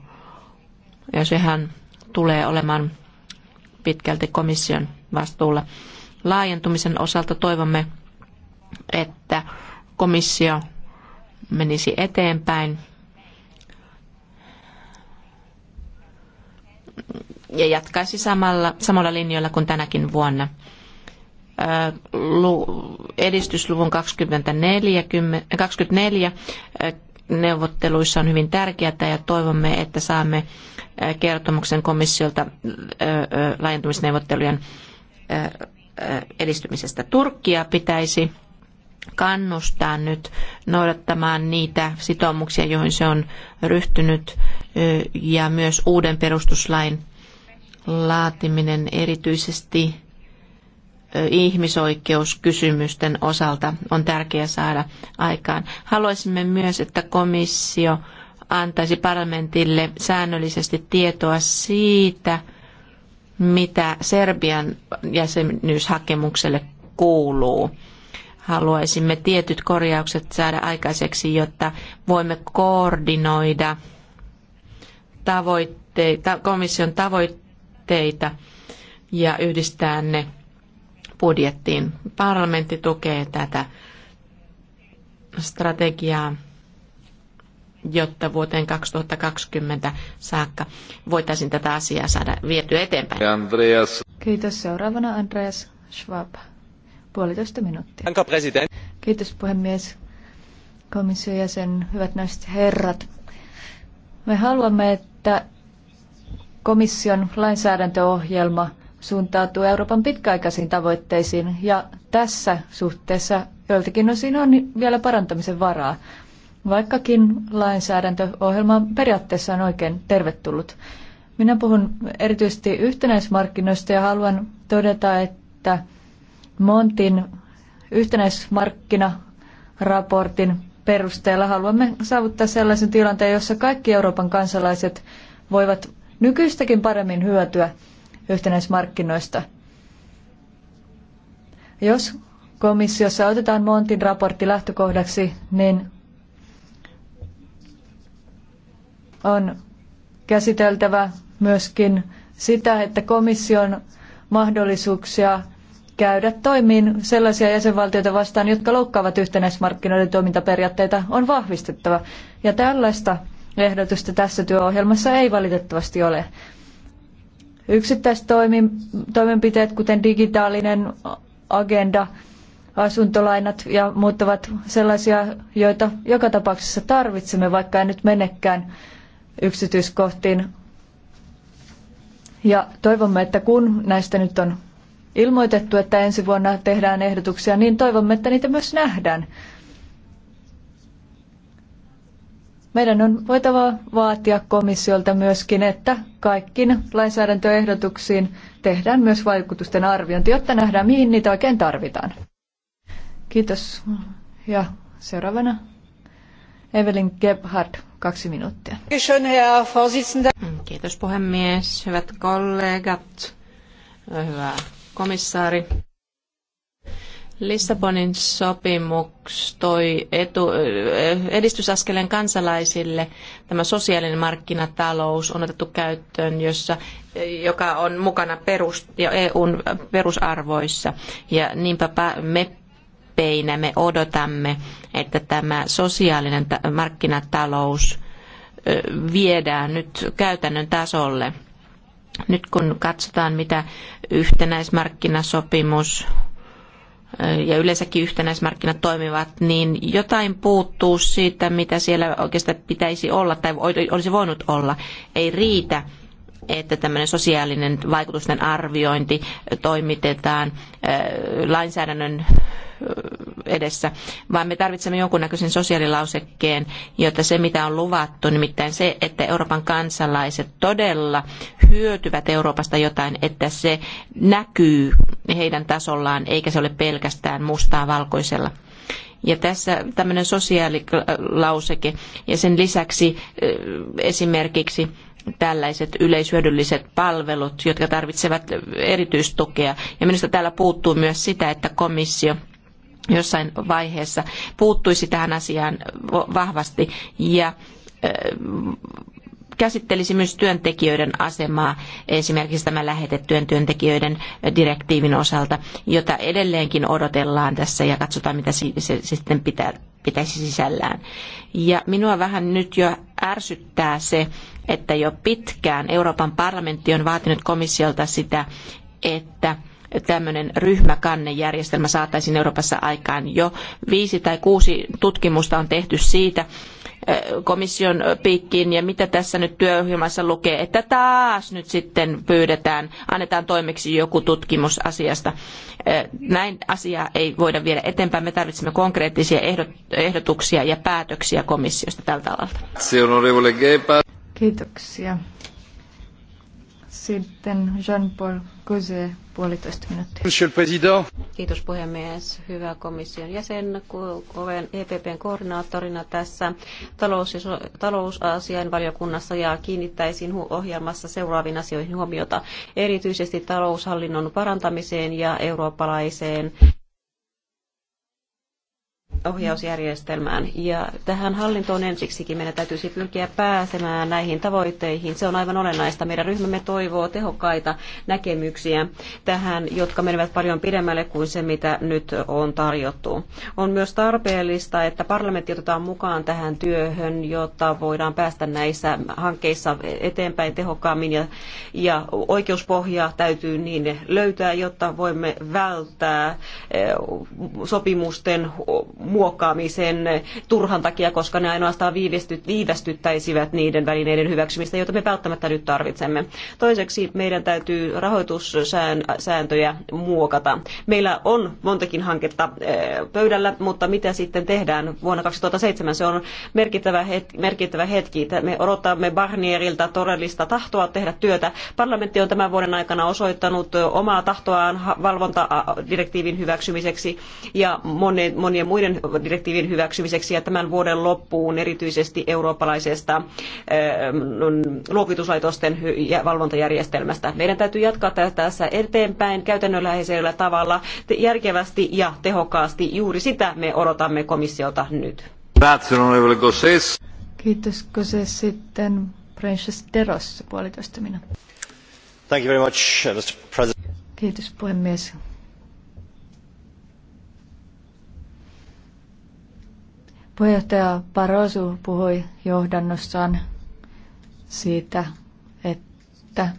ja sehän tulee olemaan pitkälti komission vastuulla. Laajentumisen osalta toivomme, että komissio menisi eteenpäin ja jatkaisi samalla, samalla linjoilla kuin tänäkin vuonna. Edistysluvun 24, 24 neuvotteluissa on hyvin tärkeää ja toivomme, että saamme kertomuksen komissiolta laajentumisneuvottelujen edistymisestä. Turkkia pitäisi kannustaa nyt noudattamaan niitä sitoumuksia, joihin se on ryhtynyt ja myös uuden perustuslain laatiminen erityisesti ihmisoikeuskysymysten osalta on tärkeää saada aikaan. Haluaisimme myös, että komissio antaisi parlamentille säännöllisesti tietoa siitä, mitä Serbian jäsenyyshakemukselle kuuluu. Haluaisimme tietyt korjaukset saada aikaiseksi, jotta voimme koordinoida tavoitteita, komission tavoitteita ja yhdistää ne budjettiin. Parlamentti tukee tätä strategiaa, jotta vuoteen 2020 saakka voitaisiin tätä asiaa saada vietyä eteenpäin. Andreas. Kiitos. Seuraavana Andreas Schwab. Puolitoista minuuttia. Kiitos puhemies. Komission jäsen, hyvät naiset ja herrat. Me haluamme, että komission lainsäädäntöohjelma – suuntautuu Euroopan pitkäaikaisiin tavoitteisiin ja tässä suhteessa joiltakin osin on vielä parantamisen varaa, vaikkakin lainsäädäntöohjelma periaatteessa on oikein tervetullut. Minä puhun erityisesti yhtenäismarkkinoista ja haluan todeta, että Montin yhtenäismarkkinaraportin perusteella haluamme saavuttaa sellaisen tilanteen, jossa kaikki Euroopan kansalaiset voivat nykyistäkin paremmin hyötyä yhtenäismarkkinoista. Jos komissiossa otetaan Montin raportti lähtökohdaksi, niin on käsiteltävä myöskin sitä, että komission mahdollisuuksia käydä toimiin sellaisia jäsenvaltioita vastaan, jotka loukkaavat yhtenäismarkkinoiden toimintaperiaatteita, on vahvistettava. Ja tällaista ehdotusta tässä työohjelmassa ei valitettavasti ole toimenpiteet, kuten digitaalinen agenda, asuntolainat ja muut ovat sellaisia, joita joka tapauksessa tarvitsemme, vaikka en nyt menekään yksityiskohtiin. Ja toivomme, että kun näistä nyt on ilmoitettu, että ensi vuonna tehdään ehdotuksia, niin toivomme, että niitä myös nähdään. Meidän on voitava vaatia komissiolta myöskin, että kaikkiin lainsäädäntöehdotuksiin tehdään myös vaikutusten arviointi, jotta nähdään, mihin niitä oikein tarvitaan. Kiitos. Ja seuraavana Evelyn Gebhardt, kaksi minuuttia. Kiitos puhemies, hyvät kollegat, hyvä komissaari. Lissabonin sopimus toi etu, eh, edistysaskeleen kansalaisille. Tämä sosiaalinen markkinatalous on otettu käyttöön, jossa, eh, joka on mukana perus, ja EUn perusarvoissa. Ja niinpä me peinä me odotamme, että tämä sosiaalinen markkinatalous eh, viedään nyt käytännön tasolle. Nyt kun katsotaan, mitä yhtenäismarkkinasopimus ja yleensäkin yhtenäismarkkinat toimivat, niin jotain puuttuu siitä, mitä siellä oikeastaan pitäisi olla tai olisi voinut olla. Ei riitä, että tämmöinen sosiaalinen vaikutusten arviointi toimitetaan lainsäädännön edessä, vaan me tarvitsemme jonkunnäköisen sosiaalilausekkeen, jotta se mitä on luvattu, nimittäin se, että Euroopan kansalaiset todella hyötyvät Euroopasta jotain, että se näkyy heidän tasollaan, eikä se ole pelkästään mustaa valkoisella. Ja tässä tämmöinen sosiaalilauseke ja sen lisäksi esimerkiksi tällaiset yleishyödylliset palvelut, jotka tarvitsevat erityistukea. Ja minusta täällä puuttuu myös sitä, että komissio – jossain vaiheessa puuttuisi tähän asiaan vahvasti ja käsittelisi myös työntekijöiden asemaa esimerkiksi tämän lähetettyjen työntekijöiden direktiivin osalta, jota edelleenkin odotellaan tässä ja katsotaan, mitä se sitten pitää, pitäisi sisällään. Ja minua vähän nyt jo ärsyttää se, että jo pitkään Euroopan parlamentti on vaatinut komissiolta sitä, että tämmöinen ryhmäkannejärjestelmä saataisiin Euroopassa aikaan. Jo viisi tai kuusi tutkimusta on tehty siitä eh, komission piikkiin ja mitä tässä nyt työohjelmassa lukee, että taas nyt sitten pyydetään, annetaan toimeksi joku tutkimus asiasta. Eh, näin asiaa ei voida viedä eteenpäin. Me tarvitsemme konkreettisia ehdotuksia ja päätöksiä komissiosta tältä alalta. Kiitoksia. Sitten Monsieur le Président. Kiitos puhemies. Hyvä komission jäsen. Olen EPPn koordinaattorina tässä talous- ja so- talousasian valiokunnassa ja kiinnittäisin ohjelmassa seuraaviin asioihin huomiota. Erityisesti taloushallinnon parantamiseen ja eurooppalaiseen ohjausjärjestelmään. Ja tähän hallintoon ensiksikin meidän täytyisi pyrkiä pääsemään näihin tavoitteihin. Se on aivan olennaista. Meidän ryhmämme toivoo tehokkaita näkemyksiä tähän, jotka menevät paljon pidemmälle kuin se, mitä nyt on tarjottu. On myös tarpeellista, että parlamentti otetaan mukaan tähän työhön, jotta voidaan päästä näissä hankkeissa eteenpäin tehokkaammin ja, ja oikeuspohjaa täytyy niin löytää, jotta voimme välttää eh, sopimusten muokkaamisen turhan takia, koska ne ainoastaan viivästyttäisivät niiden välineiden hyväksymistä, joita me välttämättä nyt tarvitsemme. Toiseksi meidän täytyy rahoitussääntöjä muokata. Meillä on montakin hanketta eh, pöydällä, mutta mitä sitten tehdään vuonna 2007? Se on merkittävä Merkittävä hetki. Me odotamme Barnierilta todellista tahtoa tehdä työtä. Parlamentti on tämän vuoden aikana osoittanut omaa tahtoaan valvontadirektiivin hyväksymiseksi ja monien muiden uuden direktiivin hyväksymiseksi ja tämän vuoden loppuun erityisesti eurooppalaisesta ähm, luokituslaitosten valvontajärjestelmästä. Meidän täytyy jatkaa tässä eteenpäin käytännönläheisellä tavalla järkevästi ja tehokkaasti. Juuri sitä me odotamme komissiota nyt. Kiitos, se sitten Precious Deros, puolitoista minuuttia. Thank you very much, Mr. President. Kiitos puhemies. Puheenjohtaja parosu puhui johdannossaan siitä, että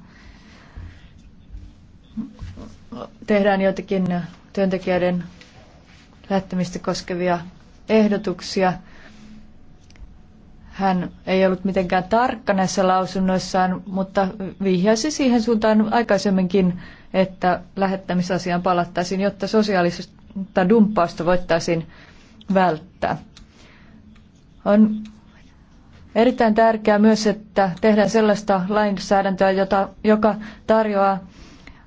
tehdään jotakin työntekijöiden lähtemistä koskevia ehdotuksia. Hän ei ollut mitenkään tarkka näissä lausunnoissaan, mutta vihjasi siihen suuntaan aikaisemminkin, että lähettämisasiaan palattaisiin, jotta sosiaalista dumppausta voittaisiin välttää. On erittäin tärkeää myös, että tehdään sellaista lainsäädäntöä, jota, joka tarjoaa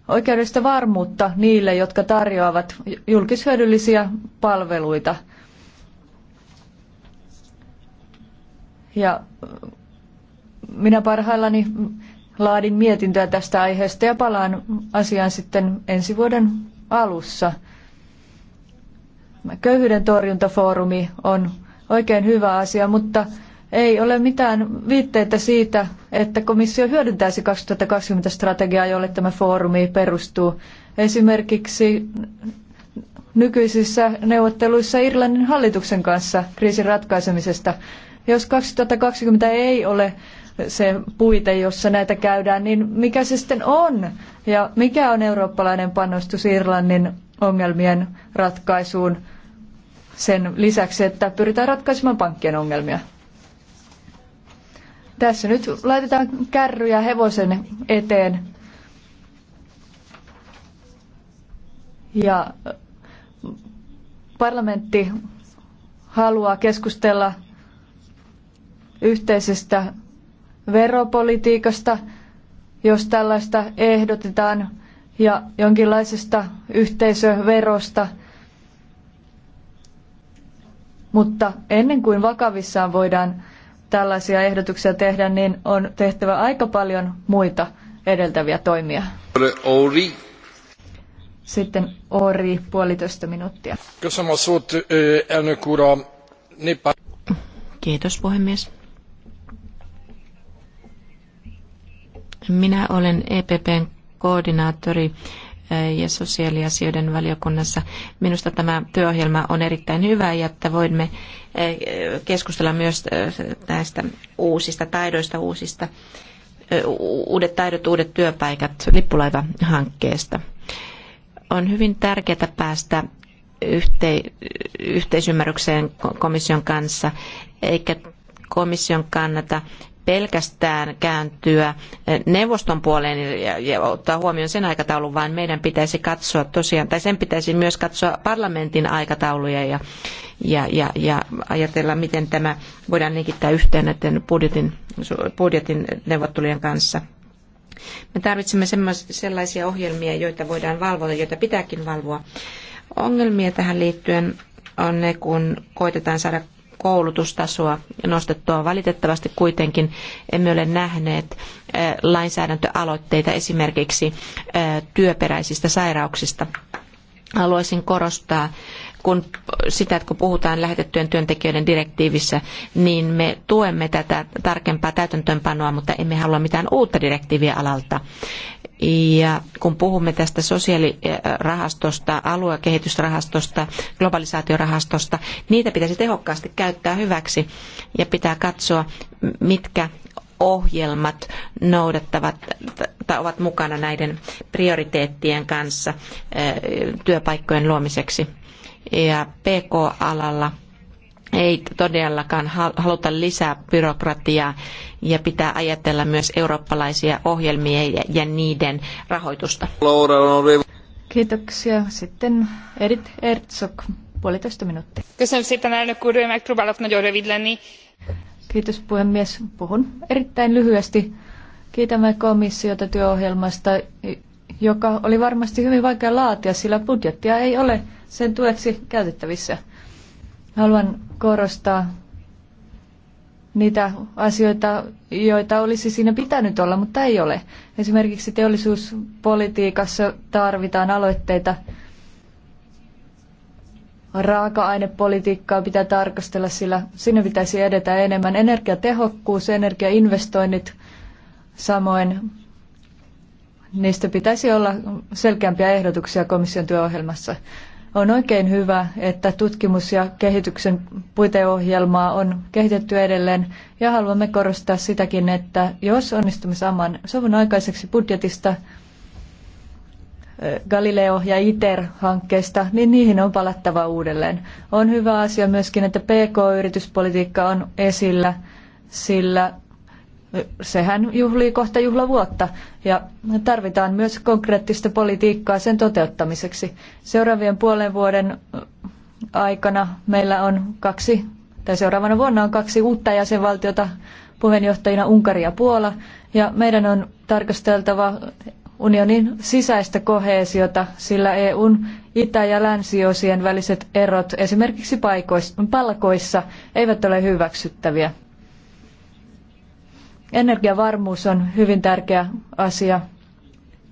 oikeudellista varmuutta niille, jotka tarjoavat julkishyödyllisiä palveluita. Ja minä parhaillani laadin mietintöä tästä aiheesta ja palaan asiaan sitten ensi vuoden alussa. Köyhyyden torjuntafoorumi on oikein hyvä asia, mutta ei ole mitään viitteitä siitä, että komissio hyödyntäisi 2020 strategiaa, jolle tämä foorumi perustuu. Esimerkiksi nykyisissä neuvotteluissa Irlannin hallituksen kanssa kriisin ratkaisemisesta. Jos 2020 ei ole se puite, jossa näitä käydään, niin mikä se sitten on? Ja mikä on eurooppalainen panostus Irlannin ongelmien ratkaisuun? sen lisäksi, että pyritään ratkaisemaan pankkien ongelmia. Tässä nyt laitetaan kärryjä hevosen eteen. Ja äh, parlamentti haluaa keskustella yhteisestä veropolitiikasta, jos tällaista ehdotetaan, ja jonkinlaisesta yhteisöverosta – mutta ennen kuin vakavissaan voidaan tällaisia ehdotuksia tehdä, niin on tehtävä aika paljon muita edeltäviä toimia. Ori. Sitten Ori, puolitoista minuuttia. Kiitos puhemies. Minä olen EPPn koordinaattori ja sosiaaliasioiden valiokunnassa. Minusta tämä työohjelma on erittäin hyvä ja että voimme eh, keskustella myös eh, näistä uusista taidoista, uusista eh, uudet taidot, uudet työpaikat lippulaivahankkeesta. hankkeesta On hyvin tärkeää päästä yhte, yhteisymmärrykseen komission kanssa, eikä komission kannata pelkästään kääntyä eh, neuvoston puoleen ja ottaa huomioon sen aikataulun, vaan meidän pitäisi katsoa tosiaan, tai sen pitäisi myös katsoa parlamentin aikatauluja ja, ja, ja, ja ajatella, miten tämä voidaan linkittää yhteen näiden budjetin, budjetin neuvottelujen kanssa. Me tarvitsemme sellaisia ohjelmia, joita voidaan valvoa, joita pitääkin valvoa. Ongelmia tähän liittyen on ne, kun koitetaan saada koulutustasoa nostettua. Valitettavasti kuitenkin emme ole nähneet lainsäädäntöaloitteita esimerkiksi työperäisistä sairauksista. Haluaisin korostaa kun sitä, että kun puhutaan lähetettyjen työntekijöiden direktiivissä, niin me tuemme tätä tarkempaa täytäntöönpanoa, mutta emme halua mitään uutta direktiiviä alalta. Ja kun puhumme tästä sosiaalirahastosta, aluekehitysrahastosta, globalisaatiorahastosta, niitä pitäisi tehokkaasti käyttää hyväksi ja pitää katsoa, mitkä ohjelmat noudattavat tai ovat mukana näiden prioriteettien kanssa työpaikkojen luomiseksi ja PK-alalla ei todellakaan haluta lisää byrokratiaa ja pitää ajatella myös eurooppalaisia ohjelmia ja niiden rahoitusta. Kiitoksia. Sitten Erit Erzog, puolitoista minuuttia. Kiitos puhemies. Puhun erittäin lyhyesti. Kiitämme komissiota työohjelmasta, joka oli varmasti hyvin vaikea laatia, sillä budjettia ei ole sen tueksi käytettävissä. Haluan korostaa niitä asioita, joita olisi siinä pitänyt olla, mutta ei ole. Esimerkiksi teollisuuspolitiikassa tarvitaan aloitteita. Raaka-ainepolitiikkaa pitää tarkastella, sillä sinne pitäisi edetä enemmän. Energiatehokkuus, energiainvestoinnit, samoin Niistä pitäisi olla selkeämpiä ehdotuksia komission työohjelmassa. On oikein hyvä, että tutkimus- ja kehityksen puiteohjelmaa on kehitetty edelleen ja haluamme korostaa sitäkin, että jos onnistumme saamaan sovun aikaiseksi budjetista, eh, Galileo- ja ITER-hankkeista, niin niihin on palattava uudelleen. On hyvä asia myöskin, että PK-yrityspolitiikka on esillä, sillä Sehän juhlii kohta juhlavuotta ja tarvitaan myös konkreettista politiikkaa sen toteuttamiseksi. Seuraavien puolen vuoden aikana meillä on kaksi, tai seuraavana vuonna on kaksi uutta jäsenvaltiota puheenjohtajina Unkari ja Puola, ja meidän on tarkasteltava unionin sisäistä koheesiota, sillä EUn itä- ja länsiosien väliset erot esimerkiksi paikoissa, palkoissa eivät ole hyväksyttäviä. Energiavarmuus on hyvin tärkeä asia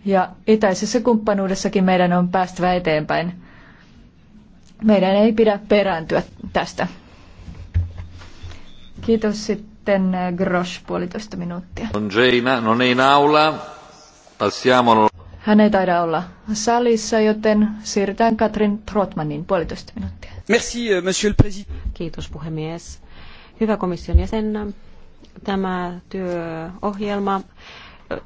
ja itäisessä kumppanuudessakin meidän on päästävä eteenpäin. Meidän ei pidä perääntyä tästä. Kiitos sitten eh, Grosch puolitoista minuuttia. On Non è in aula. Passiamo... Hän ei taida olla salissa, joten siirrytään Katrin Trotmanin puolitoista minuuttia. Merci, eh, monsieur le président. Kiitos puhemies. Hyvä komission jäsen, tämä työohjelma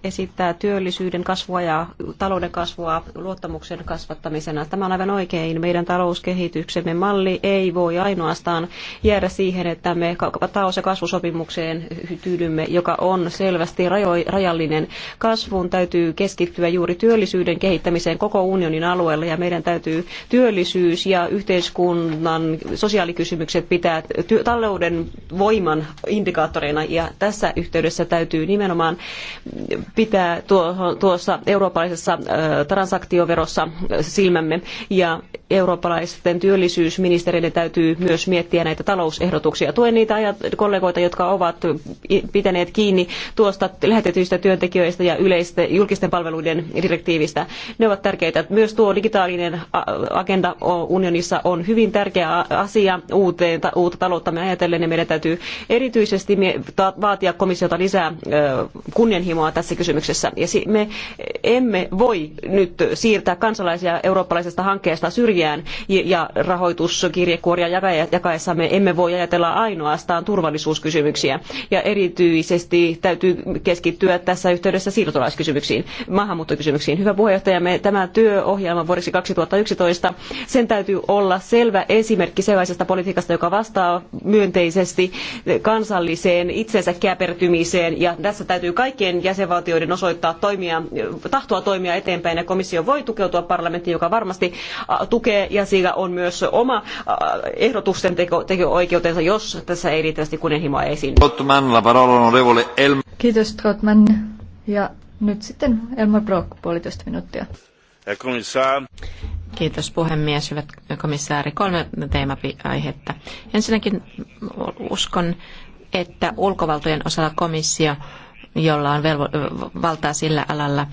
esittää työllisyyden kasvua ja talouden kasvua luottamuksen kasvattamisena. Tämä on aivan oikein. Meidän talouskehityksemme malli ei voi ainoastaan jäädä siihen, että me taos- ja kasvusopimukseen tyydymme, joka on selvästi rajallinen. kasvuun täytyy keskittyä juuri työllisyyden kehittämiseen koko unionin alueella ja meidän täytyy työllisyys ja yhteiskunnan sosiaalikysymykset pitää talouden voiman indikaattoreina ja tässä yhteydessä täytyy nimenomaan pitää tuossa eurooppalaisessa transaktioverossa silmämme ja eurooppalaisten työllisyysministeriöiden täytyy myös miettiä näitä talousehdotuksia. Tuen niitä kollegoita, jotka ovat pitäneet kiinni tuosta lähetetyistä työntekijöistä ja yleistä julkisten palveluiden direktiivistä. Ne ovat tärkeitä. Myös tuo digitaalinen agenda unionissa on hyvin tärkeä asia uuteen, uutta talouttamme ajatellen ja meidän täytyy erityisesti vaatia komissiota lisää kunnianhimoa tässä kysymyksessä. Ja me emme voi nyt siirtää kansalaisia eurooppalaisesta hankkeesta syrjään ja rahoituskirjekuoria jakaessamme emme voi ajatella ainoastaan turvallisuuskysymyksiä. Ja erityisesti täytyy keskittyä tässä yhteydessä siirtolaiskysymyksiin, maahanmuuttokysymyksiin. Hyvä puheenjohtajamme, tämä työohjelma vuodeksi 2011, sen täytyy olla selvä esimerkki sellaisesta politiikasta, joka vastaa myönteisesti kansalliseen itsensä käpertymiseen ja tässä täytyy kaikkien jäsen jäsenvaltioiden osoittaa toimia, tahtoa toimia eteenpäin ja komissio voi tukeutua parlamenttiin, joka varmasti tukee ja sillä on myös oma ehdotusten teko, teko oikeutensa, jos tässä ei riittävästi kunnianhimoa esiin. Kiitos Trotman. Ja nyt sitten Elmar Brock, puolitoista minuuttia. Kiitos puhemies, hyvät komissaari. Kolme teemaaihetta. Ensinnäkin uskon, että ulkovaltojen osalla komissio jolla on velvo- valtaa sillä alalla,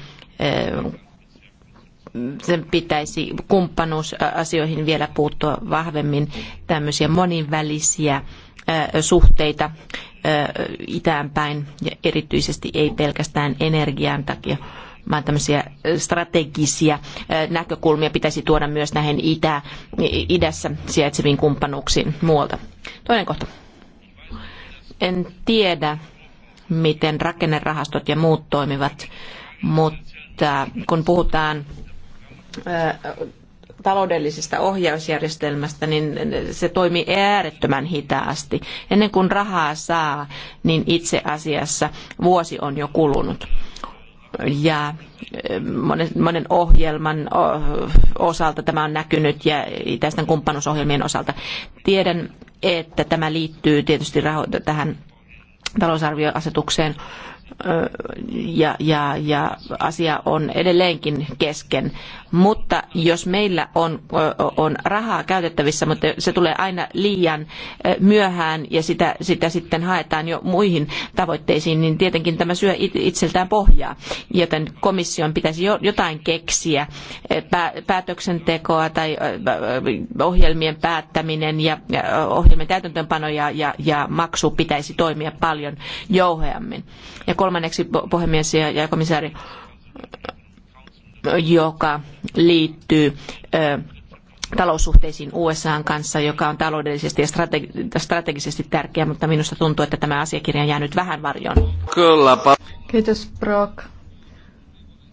sen pitäisi kumppanuusasioihin vielä puuttua vahvemmin tämmöisiä monivälisiä suhteita itäänpäin ja erityisesti ei pelkästään energian takia, vaan tämmöisiä strategisia näkökulmia pitäisi tuoda myös näihin itä, idässä sijaitseviin kumppanuuksiin muualta. Toinen kohta. En tiedä, miten rakennerahastot ja muut toimivat, mutta kun puhutaan taloudellisesta ohjausjärjestelmästä, niin se toimii äärettömän hitaasti. Ennen kuin rahaa saa, niin itse asiassa vuosi on jo kulunut. Ja monen, monen ohjelman osalta tämä on näkynyt ja tästä kumppanuusohjelmien osalta. Tiedän, että tämä liittyy tietysti tähän talousarvioasetukseen ja, ja, ja asia on edelleenkin kesken. Mutta jos meillä on, on rahaa käytettävissä, mutta se tulee aina liian myöhään ja sitä, sitä sitten haetaan jo muihin tavoitteisiin, niin tietenkin tämä syö itseltään pohjaa. Joten komission pitäisi jotain keksiä, päätöksentekoa tai ohjelmien päättäminen ja ohjelmien täytäntöönpano ja, ja, ja maksu pitäisi toimia paljon jouheammin. Ja kolmanneksi puhemies ja, ja komissaari, joka liittyy taloussuhteisiin USAn kanssa, joka on taloudellisesti ja strategisesti tärkeä, mutta minusta tuntuu, että tämä asiakirja on jäänyt vähän varjoon. Kyllä. Kiitos, Brock.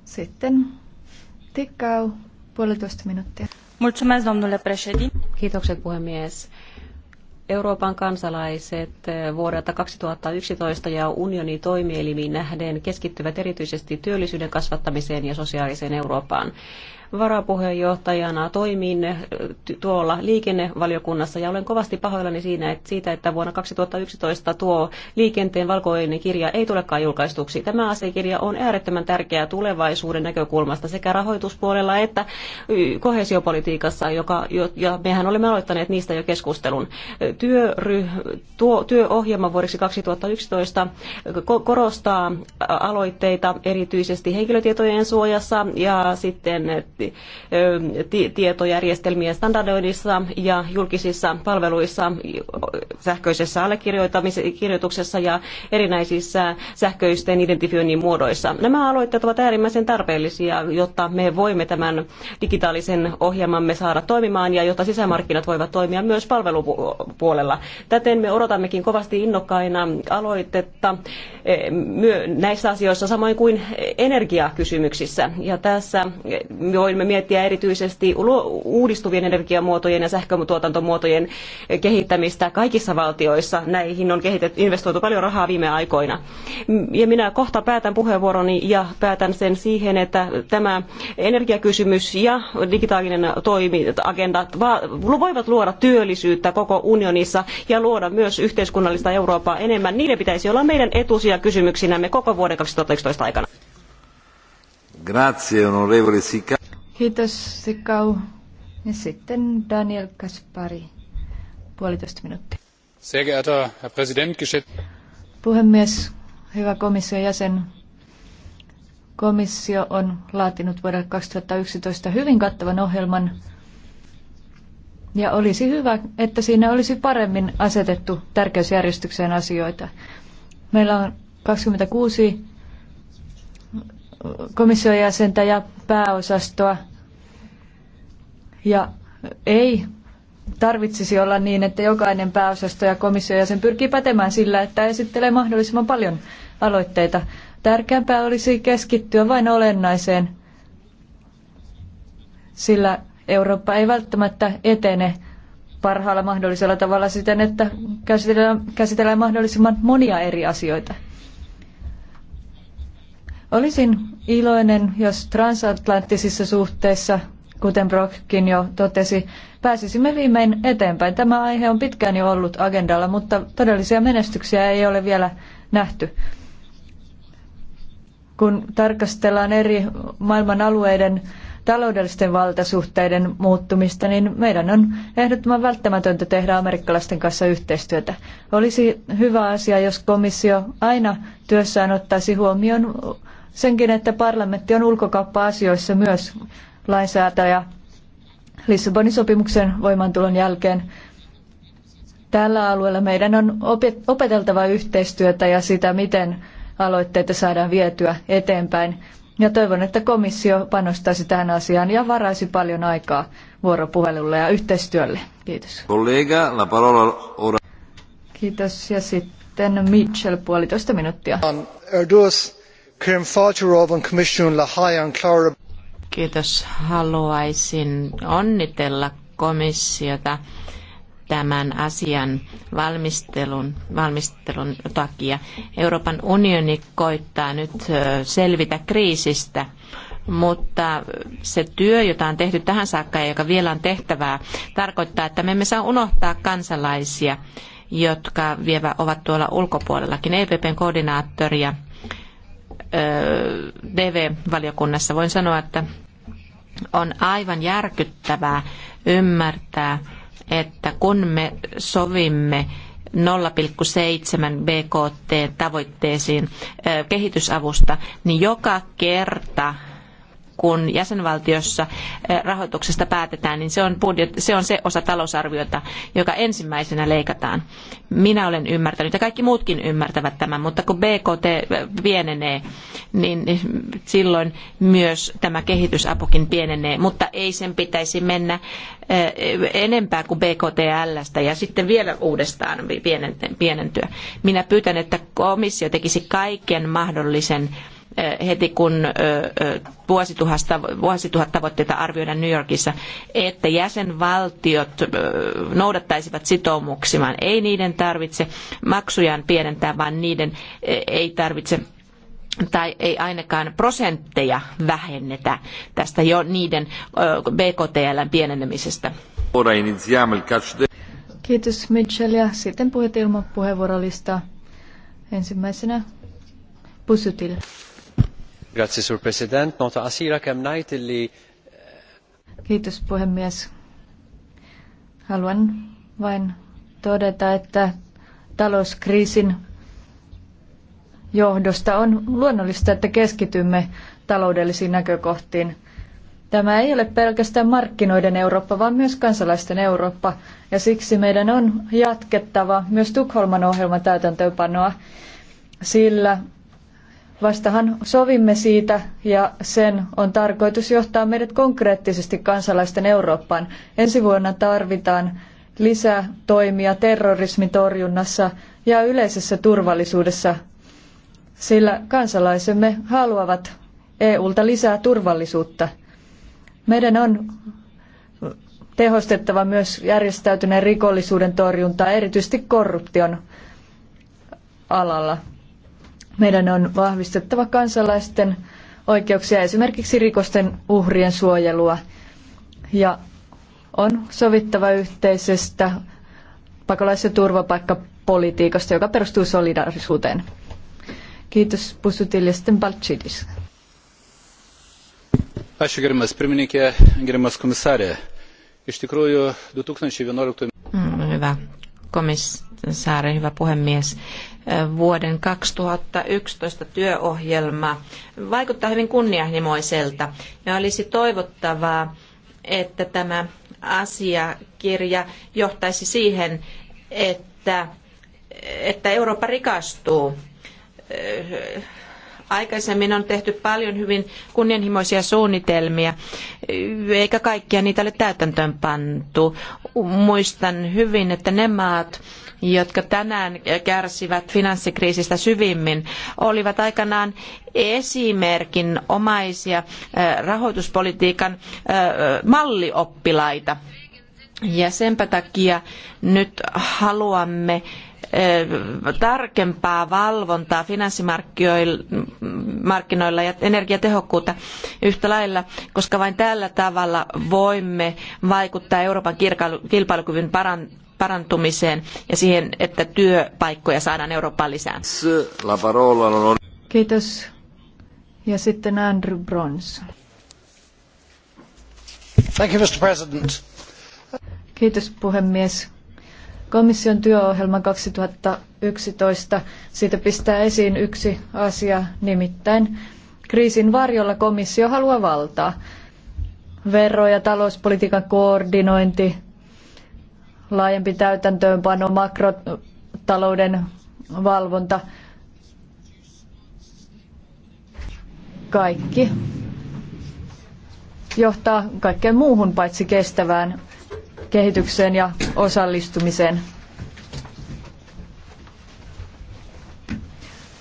Sitten Tikkau, puolitoista minuuttia. Mulțumesc, domnule președinte. Kiitokset, puhemies. Euroopan kansalaiset eh, vuodelta 2011 ja unionin toimielimiin nähden keskittyvät erityisesti työllisyyden kasvattamiseen ja sosiaaliseen Eurooppaan varapuheenjohtajana toimin eh, tuolla liikennevaliokunnassa ja olen kovasti pahoillani siinä, että siitä, että vuonna 2011 tuo liikenteen valkoinen kirja ei tulekaan julkaistuksi. Tämä asiakirja on äärettömän tärkeä tulevaisuuden näkökulmasta sekä rahoituspuolella että kohesiopolitiikassa, joka, ja mehän olemme aloittaneet niistä jo keskustelun. Työry, tuo, työohjelma vuodeksi 2011 eh, korostaa aloitteita erityisesti henkilötietojen suojassa ja sitten eh, tietojärjestelmien standardoinnissa ja julkisissa palveluissa, sähköisessä allekirjoituksessa ja erinäisissä sähköisten identifioinnin muodoissa. Nämä aloitteet ovat äärimmäisen tarpeellisia, jotta me voimme tämän digitaalisen ohjelmamme saada toimimaan ja jotta sisämarkkinat voivat toimia myös palvelupuolella. Täten me odotammekin kovasti innokkaina aloitetta e, näissä asioissa samoin kuin energiakysymyksissä. Ja tässä voimme miettiä erityisesti uudistuvien energiamuotojen ja sähkötuotantomuotojen kehittämistä kaikissa valtioissa. Näihin on kehitetty, investoitu paljon rahaa viime aikoina. Ja minä kohta päätän puheenvuoroni ja päätän sen siihen, että tämä energiakysymys ja digitaalinen toimi, agenda voivat luoda työllisyyttä koko unionissa ja luoda myös yhteiskunnallista Eurooppaa enemmän. Niiden pitäisi olla meidän etusia kysymyksinämme koko vuoden 2011 aikana. Grazie, onorevole Sica. Kiitos Sikau. Ja sitten Daniel Kaspari, puolitoista minuuttia. Sehr geehrter Herr Präsident, Puhemies, hyvä komission jäsen. Komissio on laatinut vuodelle 2011 hyvin kattavan ohjelman ja olisi hyvä, että siinä olisi paremmin asetettu tärkeysjärjestykseen asioita. Meillä on 26 komission jäsentä ja pääosastoa. Ja ei tarvitsisi olla niin, että jokainen pääosasto ja komission jäsen pyrkii pätemään sillä, että esittelee mahdollisimman paljon aloitteita. Tärkeämpää olisi keskittyä vain olennaiseen, sillä Eurooppa ei välttämättä etene parhaalla mahdollisella tavalla siten, että käsitellään, käsitellään mahdollisimman monia eri asioita. Olisin iloinen, jos transatlanttisissa suhteissa, kuten Brockkin jo totesi, pääsisimme viimein eteenpäin. Tämä aihe on pitkään jo ollut agendalla, mutta todellisia menestyksiä ei ole vielä nähty. Kun tarkastellaan eri maailman alueiden taloudellisten valtasuhteiden muuttumista, niin meidän on ehdottoman välttämätöntä tehdä amerikkalaisten kanssa yhteistyötä. Olisi hyvä asia, jos komissio aina työssään ottaisi huomioon senkin, että parlamentti on ulkokauppa-asioissa myös lainsäätäjä Lissabonin sopimuksen voimantulon jälkeen. Tällä alueella meidän on opeteltava yhteistyötä ja sitä, miten aloitteita saadaan vietyä eteenpäin. Ja toivon, että komissio panostaisi tähän asiaan ja varaisi paljon aikaa vuoropuhelulle ja yhteistyölle. Kiitos. Kollega, la parola ora. Kiitos. Ja sitten Mitchell, puolitoista minuuttia. Um, Kiitos. Haluaisin onnitella komissiota tämän asian valmistelun, valmistelun takia. Euroopan unioni koittaa nyt selvitä kriisistä, mutta se työ, jota on tehty tähän saakka ja joka vielä on tehtävää, tarkoittaa, että me emme saa unohtaa kansalaisia, jotka vievä ovat tuolla ulkopuolellakin. EPPn koordinaattori ja DV-valiokunnassa voin sanoa, että on aivan järkyttävää ymmärtää, että kun me sovimme 0,7 BKT-tavoitteisiin kehitysavusta, niin joka kerta kun jäsenvaltiossa eh, rahoituksesta päätetään, niin se on, budjet, se on se osa talousarviota, joka ensimmäisenä leikataan. Minä olen ymmärtänyt, ja kaikki muutkin ymmärtävät tämän, mutta kun BKT eh, pienenee, niin silloin myös tämä kehitysapukin pienenee, mutta ei sen pitäisi mennä eh, enempää kuin BKTLstä ja sitten vielä uudestaan pienentyä. Minä pyytän, että komissio tekisi kaiken mahdollisen Eh, heti kun eh, eh, vuosituhattavoitteita arvioidaan New Yorkissa, että jäsenvaltiot noudattaisivat sitoumuksiaan. Ei niiden tarvitse maksujaan pienentää, vaan niiden ei tarvitse tai ei ainakaan prosentteja vähennetä tästä jo niiden BKTL pienenemisestä. Kiitos Mitchell ja sitten puhet ilman Ensimmäisenä Pusutil. Eh, Kiitos puhemies. Haluan vain todeta, että talouskriisin johdosta on luonnollista, että keskitymme taloudellisiin näkökohtiin. Tämä ei ole pelkästään markkinoiden Eurooppa, vaan myös kansalaisten Eurooppa, ja siksi meidän on jatkettava myös Tukholman ohjelman täytäntöönpanoa, sillä Vastahan sovimme siitä ja sen on tarkoitus johtaa meidät konkreettisesti kansalaisten Eurooppaan. Ensi vuonna tarvitaan lisää toimia terrorismitorjunnassa ja yleisessä turvallisuudessa, sillä kansalaisemme haluavat EUlta lisää turvallisuutta. Meidän on tehostettava myös järjestäytyneen rikollisuuden torjuntaa, erityisesti korruption alalla. Meidän on vahvistettava kansalaisten oikeuksia, esimerkiksi rikosten uhrien suojelua. Ja on sovittava yhteisestä pakolais- ja turvapaikkapolitiikasta, joka perustuu solidaarisuuteen. Kiitos Pusutil ja Balchidis. Ačiū gerimas pirmininkė, gerimas komisarė. Iš tikrųjų 2011... Mm, hyvä hyvä puhemies vuoden 2011 työohjelma vaikuttaa hyvin kunnianhimoiselta ja olisi toivottavaa, että tämä asiakirja johtaisi siihen, että, että Eurooppa rikastuu. Aikaisemmin on tehty paljon hyvin kunnianhimoisia suunnitelmia, eikä kaikkia niitä ole täytäntöön pantu. Muistan hyvin, että ne maat, jotka tänään kärsivät finanssikriisistä syvimmin, olivat aikanaan esimerkinomaisia äh, rahoituspolitiikan äh, mallioppilaita. Ja senpä takia nyt haluamme äh, tarkempaa valvontaa finanssimarkkinoilla ja energiatehokkuutta yhtä lailla, koska vain tällä tavalla voimme vaikuttaa Euroopan kilpailukyvyn parantumiseen ja siihen, että työpaikkoja saadaan Eurooppaan lisää. Kiitos. Ja sitten Andrew Brons. Thank you, Mr. President. Kiitos puhemies. Komission työohjelma 2011, siitä pistää esiin yksi asia, nimittäin kriisin varjolla komissio haluaa valtaa. Vero- ja talouspolitiikan koordinointi, laajempi täytäntöönpano, makrotalouden valvonta, kaikki johtaa kaikkeen muuhun paitsi kestävään kehitykseen ja osallistumiseen.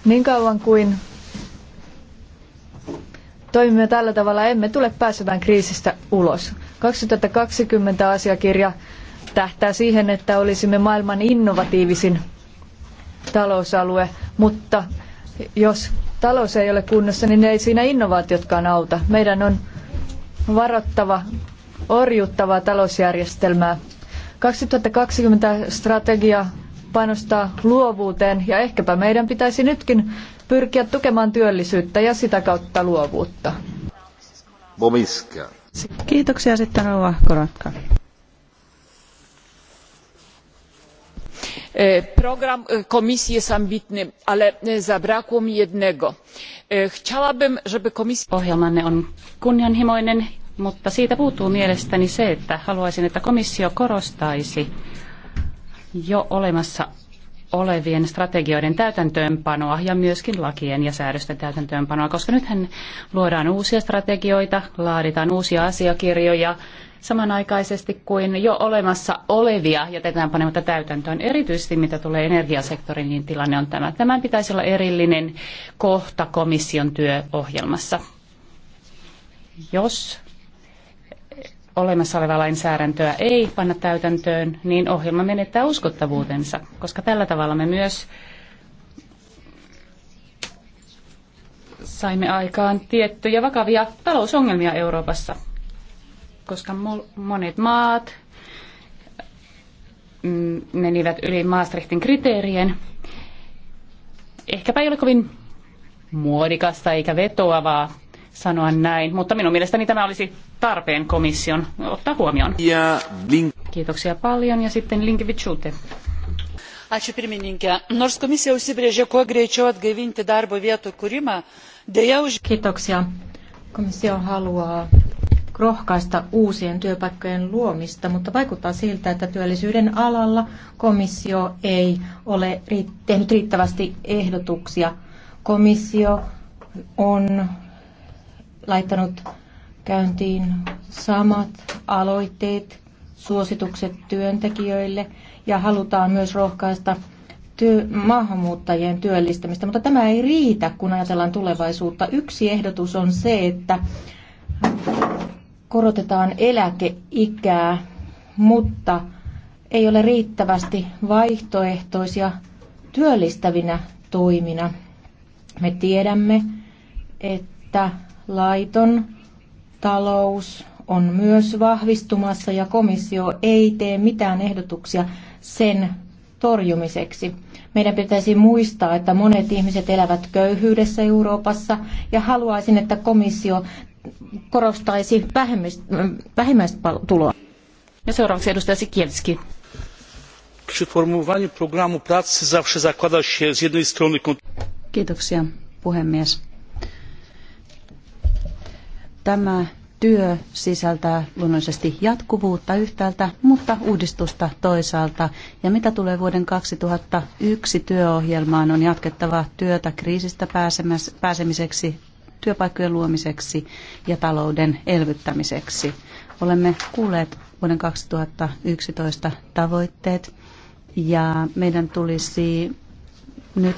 Niin kauan kuin toimimme tällä tavalla, emme tule pääsemään kriisistä ulos. 2020 asiakirja tähtää siihen, että olisimme maailman innovatiivisin talousalue, mutta jos talous ei ole kunnossa, niin ei siinä innovaatiotkaan auta. Meidän on varottava, orjuttavaa talousjärjestelmää. 2020 strategia panostaa luovuuteen ja ehkäpä meidän pitäisi nytkin pyrkiä tukemaan työllisyyttä ja sitä kautta luovuutta. Bomiska. Kiitoksia sitten Rova Korotka. E, program e, komisji jest ambitny ale e, zabrakło mi jednego chciałabym żeby komisja. ohjelmanne on kunnianhimoinen mutta siitä puuttuu mielestäni se että haluaisin että komissio korostaisi jo olemassa olevien strategioiden täytäntöönpanoa ja myöskin lakien ja säädösten täytäntöönpanoa, koska nythän luodaan uusia strategioita, laaditaan uusia asiakirjoja samanaikaisesti kuin jo olemassa olevia jätetään panematta täytäntöön. Erityisesti mitä tulee energiasektoriin, niin tilanne on tämä. Tämän pitäisi olla erillinen kohta komission työohjelmassa. Jos olemassa olevaa lainsäädäntöä ei panna täytäntöön, niin ohjelma menettää uskottavuutensa, koska tällä tavalla me myös saimme aikaan tiettyjä vakavia talousongelmia Euroopassa koska monet maat mm, menivät yli Maastrichtin kriteerien. Ehkäpä ei ole kovin muodikasta eikä vetoavaa sanoa näin, mutta minun mielestäni tämä olisi tarpeen komission ottaa huomioon. Ja link- Kiitoksia paljon ja sitten Linkevičiūtė. Ačiū pirmininkė. Nors komisija užsibrėžė kuo greičiau atgaivinti darbo vietų kūrimą, dėja už... Kiitoksia. Komissio haluaa rohkaista uusien työpaikkojen luomista, mutta vaikuttaa siltä, että työllisyyden alalla komissio ei ole tehnyt riittävästi ehdotuksia. Komissio on laittanut käyntiin samat aloitteet, suositukset työntekijöille ja halutaan myös rohkaista työ, maahanmuuttajien työllistämistä, mutta tämä ei riitä, kun ajatellaan tulevaisuutta. Yksi ehdotus on se, että korotetaan eläkeikää, mutta ei ole riittävästi vaihtoehtoisia työllistävinä toimina. Me tiedämme, että laiton talous on myös vahvistumassa ja komissio ei tee mitään ehdotuksia sen torjumiseksi. Meidän pitäisi muistaa, että monet ihmiset elävät köyhyydessä Euroopassa ja haluaisin, että komissio korostaisi vähimmäistuloa. Ja seuraavaksi edustaja Sikielski. Przy formułowaniu programu pracy zawsze zakłada się z jednej strony... Kiitoksia, puhemies. Tämä työ sisältää luonnollisesti jatkuvuutta yhtäältä, mutta uudistusta toisaalta. Ja mitä tulee vuoden 2001 työohjelmaan, on jatkettava työtä kriisistä pääsemiseksi työpaikkojen luomiseksi ja talouden elvyttämiseksi. Olemme kuulleet vuoden 2011 tavoitteet ja meidän tulisi nyt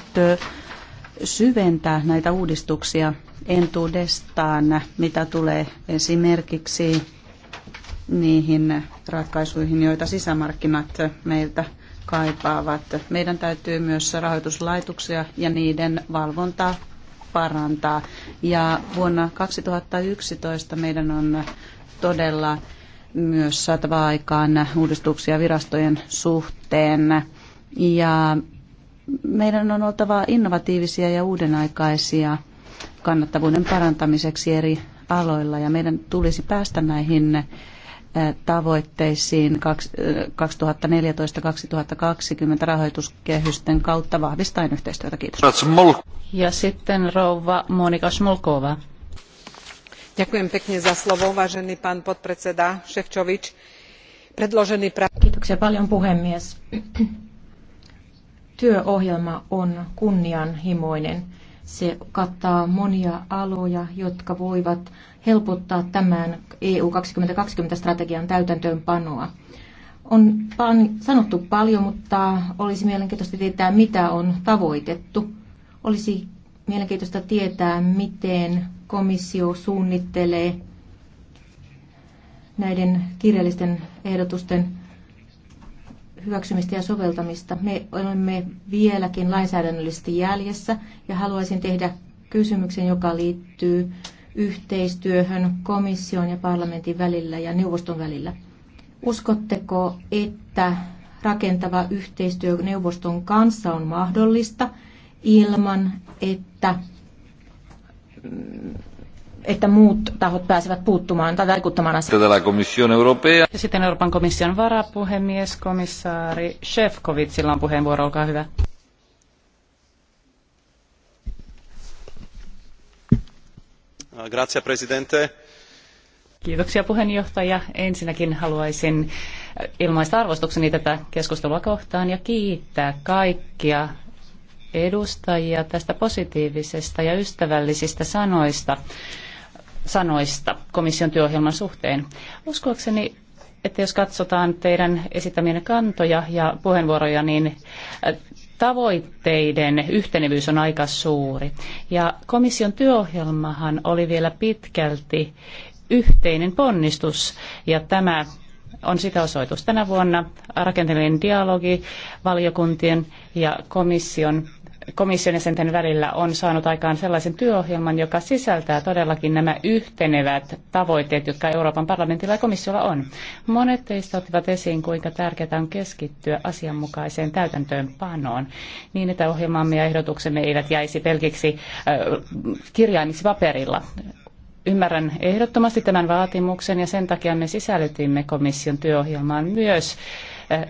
syventää näitä uudistuksia entuudestaan, mitä tulee esimerkiksi niihin ratkaisuihin, joita sisämarkkinat meiltä kaipaavat. Meidän täytyy myös rahoituslaitoksia ja niiden valvontaa parantaa. Ja vuonna 2011 meidän on todella myös saatava aikaan uudistuksia virastojen suhteen. Ja meidän on oltava innovatiivisia ja uudenaikaisia kannattavuuden parantamiseksi eri aloilla ja meidän tulisi päästä näihin tavoitteisiin 2014-2020 rahoituskehysten kautta vahvistaen yhteistyötä. Kiitos. Ja sitten rouva Monika Smolkova. Ďakujem pekne za slovo, vážený pán podpredseda Ševčovič. Predložený pra... Kiitoksia paljon puhemies. Työohjelma on kunnianhimoinen se kattaa monia aloja, jotka voivat helpottaa tämän EU 2020-strategian täytäntöönpanoa. On sanottu paljon, mutta olisi mielenkiintoista tietää, mitä on tavoitettu. Olisi mielenkiintoista tietää, miten komissio suunnittelee näiden kirjallisten ehdotusten hyväksymistä ja soveltamista. Me olemme vieläkin lainsäädännöllisesti jäljessä ja haluaisin tehdä kysymyksen, joka liittyy yhteistyöhön komission ja parlamentin välillä ja neuvoston välillä. Uskotteko, että rakentava yhteistyö neuvoston kanssa on mahdollista ilman, että että muut tahot pääsevät puuttumaan tai vaikuttamaan asiaan. Ja sitten Euroopan komission varapuhemies, komissaari Shefkovitsilla on puheenvuoro, olkaa hyvä. Grazie, presidente. Kiitoksia puheenjohtaja. Ensinnäkin haluaisin ilmaista arvostukseni tätä keskustelua kohtaan ja kiittää kaikkia edustajia tästä positiivisesta ja ystävällisistä sanoista sanoista komission työohjelman suhteen. Uskoakseni, että jos katsotaan teidän esittämienne kantoja ja puheenvuoroja, niin äh, tavoitteiden yhtenevyys on aika suuri. Ja komission työohjelmahan oli vielä pitkälti yhteinen ponnistus ja tämä on sitä osoitus tänä vuonna rakenteellinen dialogi valiokuntien ja komission komission jäsenten välillä on saanut aikaan sellaisen työohjelman, joka sisältää todellakin nämä yhtenevät tavoitteet, jotka Euroopan parlamentilla ja komissiolla on. Monet teistä ottivat esiin, kuinka tärkeää on keskittyä asianmukaiseen täytäntöönpanoon, niin että ohjelmamme ja ehdotuksemme eivät jäisi pelkiksi äh, kirjaimiksi paperilla. Ymmärrän ehdottomasti tämän vaatimuksen ja sen takia me sisällytimme komission työohjelmaan myös äh,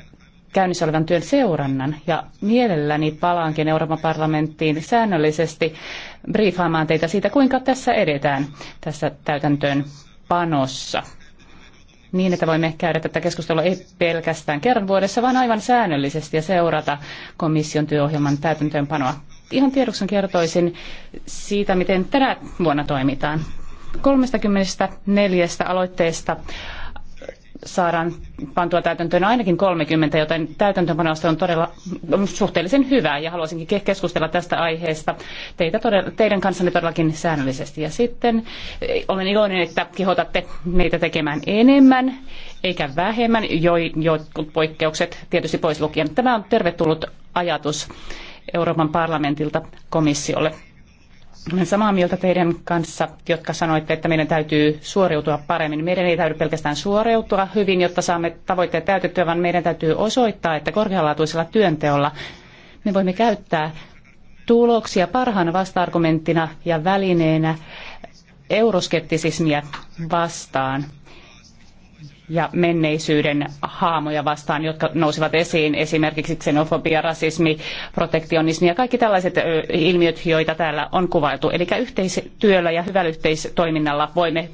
käynnissä olevan työn seurannan ja mielelläni palaankin Euroopan parlamenttiin säännöllisesti briefaamaan teitä siitä, kuinka tässä edetään tässä täytäntöön panossa niin, että voimme käydä tätä keskustelua ei pelkästään kerran vuodessa, vaan aivan säännöllisesti ja seurata komission työohjelman täytäntöönpanoa. Ihan tiedoksen kertoisin siitä, miten tänä vuonna toimitaan. 34 aloitteesta saadaan pantua täytäntöön ainakin 30, joten täytäntöönpanosta on todella suhteellisen hyvää ja haluaisinkin keskustella tästä aiheesta teitä todella, teidän kanssanne todellakin säännöllisesti. Ja sitten eh, olen iloinen, että kehotatte meitä tekemään enemmän eikä vähemmän, jo, jotkut poikkeukset tietysti pois lukien. Tämä on tervetullut ajatus Euroopan parlamentilta komissiolle. Olen samaa mieltä teidän kanssa, jotka sanoitte, että meidän täytyy suoriutua paremmin. Meidän ei täytyy pelkästään suoriutua hyvin, jotta saamme tavoitteet täytettyä, vaan meidän täytyy osoittaa, että korkealaatuisella työnteolla me voimme käyttää tuloksia parhaana vasta-argumenttina ja välineenä euroskeptisismiä vastaan ja menneisyyden haamoja vastaan, jotka nousivat esiin, esimerkiksi xenofobia, rasismi, protektionismi ja kaikki tällaiset ilmiöt, joita täällä on kuvailtu. Eli yhteistyöllä ja hyvällä yhteistoiminnalla voimme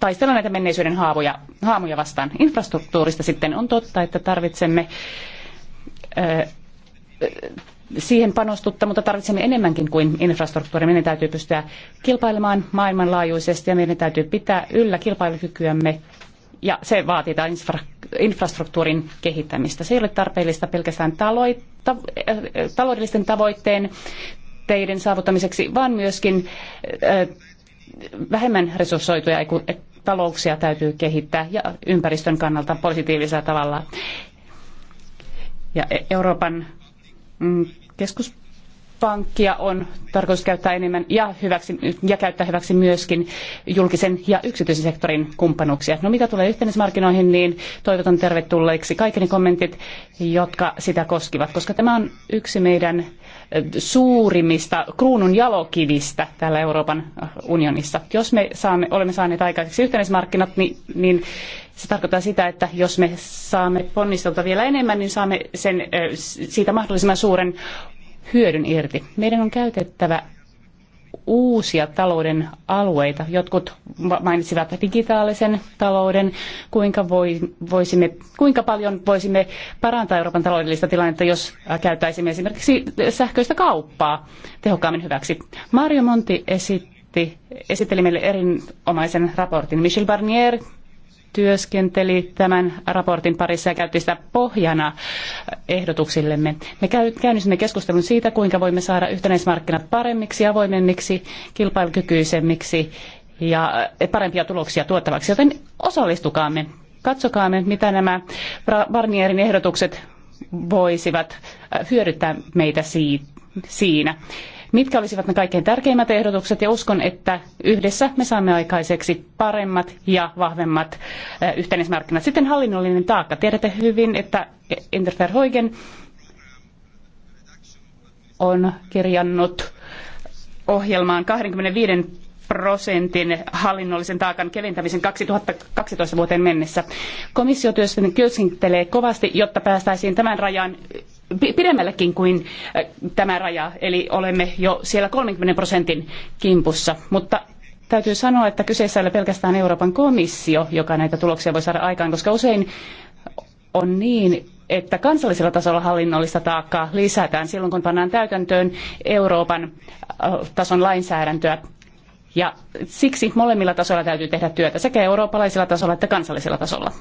taistella näitä menneisyyden haamuja, haamuja vastaan. Infrastruktuurista sitten on totta, että tarvitsemme siihen panostutta, mutta tarvitsemme enemmänkin kuin infrastruktuuria. Meidän täytyy pystyä kilpailemaan maailmanlaajuisesti ja meidän täytyy pitää yllä kilpailukykyämme ja se vaatii tämän infra, infrastruktuurin kehittämistä. Se ei ole tarpeellista pelkästään taloita, äh, taloudellisten tavoitteen teiden saavuttamiseksi, vaan myöskin äh, vähemmän resurssoituja talouksia täytyy kehittää ja ympäristön kannalta positiivisella tavalla. Ja e- Euroopan mm, keskus pankkia on tarkoitus käyttää enemmän ja, hyväksi, ja käyttää hyväksi myöskin julkisen ja yksityisen sektorin kumppanuuksia. No mitä tulee yhteismarkkinoihin, niin toivotan tervetulleiksi kaikki ne kommentit, jotka sitä koskivat, koska tämä on yksi meidän suurimmista kruunun jalokivistä täällä Euroopan unionissa. Jos me saamme, olemme saaneet aikaiseksi yhteismarkkinat, niin, niin se tarkoittaa sitä, että jos me saamme ponnistelta vielä enemmän, niin saamme sen, siitä mahdollisimman suuren hyödyn irti. Meidän on käytettävä uusia talouden alueita. Jotkut mainitsivat digitaalisen talouden, kuinka, voi, voisimme, kuinka paljon voisimme parantaa Euroopan taloudellista tilannetta, jos äh, käyttäisimme esimerkiksi sähköistä kauppaa tehokkaammin hyväksi. Mario Monti esitti, esitteli meille erinomaisen raportin. Michel Barnier työskenteli tämän raportin parissa ja käytti sitä pohjana ehdotuksillemme. Me käynnistimme keskustelun siitä, kuinka voimme saada yhtenäismarkkinat paremmiksi, avoimemmiksi, kilpailukykyisemmiksi ja parempia tuloksia tuottavaksi. Joten osallistukaamme, katsokaamme, mitä nämä Barnierin ehdotukset voisivat äh, hyödyttää meitä siinä mitkä olisivat ne kaikkein tärkeimmät ehdotukset ja uskon, että yhdessä me saamme aikaiseksi paremmat ja vahvemmat eh, yhteismarkkinat. Sitten hallinnollinen taakka. Tiedätte hyvin, että Interfer Hoigen on kirjannut ohjelmaan 25 prosentin hallinnollisen taakan keventämisen 2012 vuoteen mennessä. Komissio työskentelee kovasti, jotta päästäisiin tämän rajan pidemmällekin kuin äh, tämä raja, eli olemme jo siellä 30 prosentin kimpussa. Mutta täytyy sanoa, että kyseessä ei ole pelkästään Euroopan komissio, joka näitä tuloksia voi saada aikaan, koska usein on niin, että kansallisella tasolla hallinnollista taakkaa lisätään silloin, kun pannaan täytäntöön Euroopan äh, tason lainsäädäntöä. Ja siksi molemmilla tasoilla täytyy tehdä työtä, sekä eurooppalaisella tasolla että kansallisella tasolla.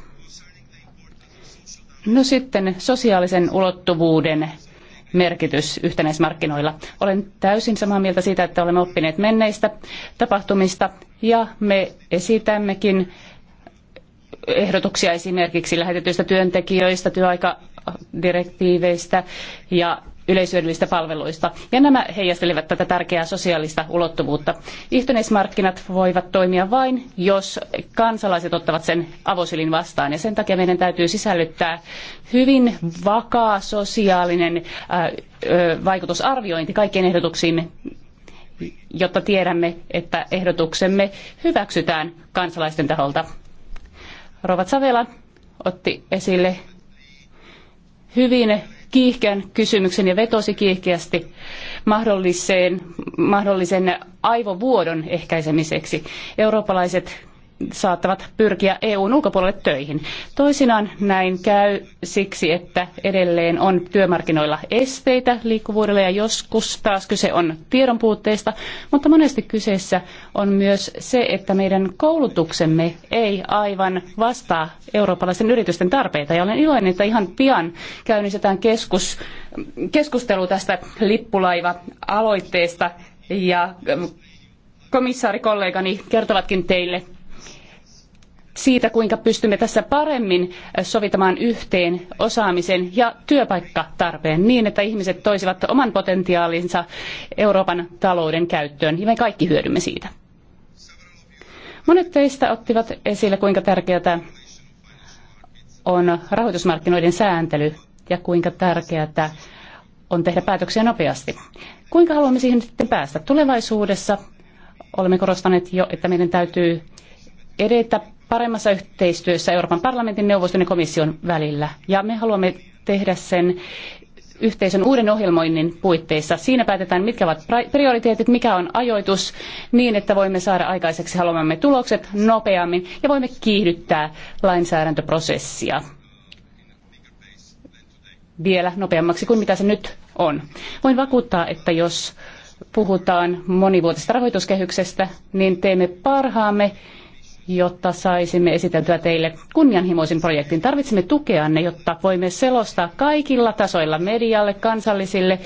No sitten sosiaalisen ulottuvuuden merkitys yhtenäismarkkinoilla. Olen täysin samaa mieltä siitä, että olemme oppineet menneistä tapahtumista ja me esitämmekin ehdotuksia esimerkiksi lähetetyistä työntekijöistä, työaikadirektiiveistä ja yleishyödyllistä palveluista. Ja nämä heijastelevat tätä tärkeää sosiaalista ulottuvuutta. Yhtenäismarkkinat voivat toimia vain, jos kansalaiset ottavat sen avosylin vastaan. Ja sen takia meidän täytyy sisällyttää hyvin vakaa sosiaalinen äh, vaikutusarviointi kaikkien ehdotuksiin jotta tiedämme, että ehdotuksemme hyväksytään kansalaisten taholta. Rovat Savela otti esille hyvin kiihkeän kysymyksen ja vetosi kiihkeästi mahdollisen, aivovuodon ehkäisemiseksi. Eurooppalaiset saattavat pyrkiä EUn ulkopuolelle töihin. Toisinaan näin käy siksi, että edelleen on työmarkkinoilla esteitä liikkuvuudelle ja joskus taas kyse on tiedon mutta monesti kyseessä on myös se, että meidän koulutuksemme ei aivan vastaa eurooppalaisten yritysten tarpeita. Ja olen iloinen, että ihan pian käynnistetään keskus, keskustelu tästä lippulaiva-aloitteesta ja komissaarikollegani kertovatkin teille siitä, kuinka pystymme tässä paremmin sovittamaan yhteen osaamisen ja työpaikkatarpeen niin, että ihmiset toisivat oman potentiaalinsa Euroopan talouden käyttöön ja me kaikki hyödymme siitä. Monet teistä ottivat esille, kuinka tärkeää on rahoitusmarkkinoiden sääntely ja kuinka tärkeää on tehdä päätöksiä nopeasti. Kuinka haluamme siihen sitten päästä? Tulevaisuudessa olemme korostaneet jo, että meidän täytyy edetä paremmassa yhteistyössä Euroopan parlamentin, neuvoston ja komission välillä. Ja me haluamme tehdä sen yhteisön uuden ohjelmoinnin puitteissa. Siinä päätetään, mitkä ovat prioriteetit, mikä on ajoitus, niin että voimme saada aikaiseksi haluamamme tulokset nopeammin ja voimme kiihdyttää lainsäädäntöprosessia vielä nopeammaksi kuin mitä se nyt on. Voin vakuuttaa, että jos puhutaan monivuotisesta rahoituskehyksestä, niin teemme parhaamme, jotta saisimme esiteltyä teille kunnianhimoisen projektin. Tarvitsemme tukeanne, jotta voimme selostaa kaikilla tasoilla medialle, kansallisille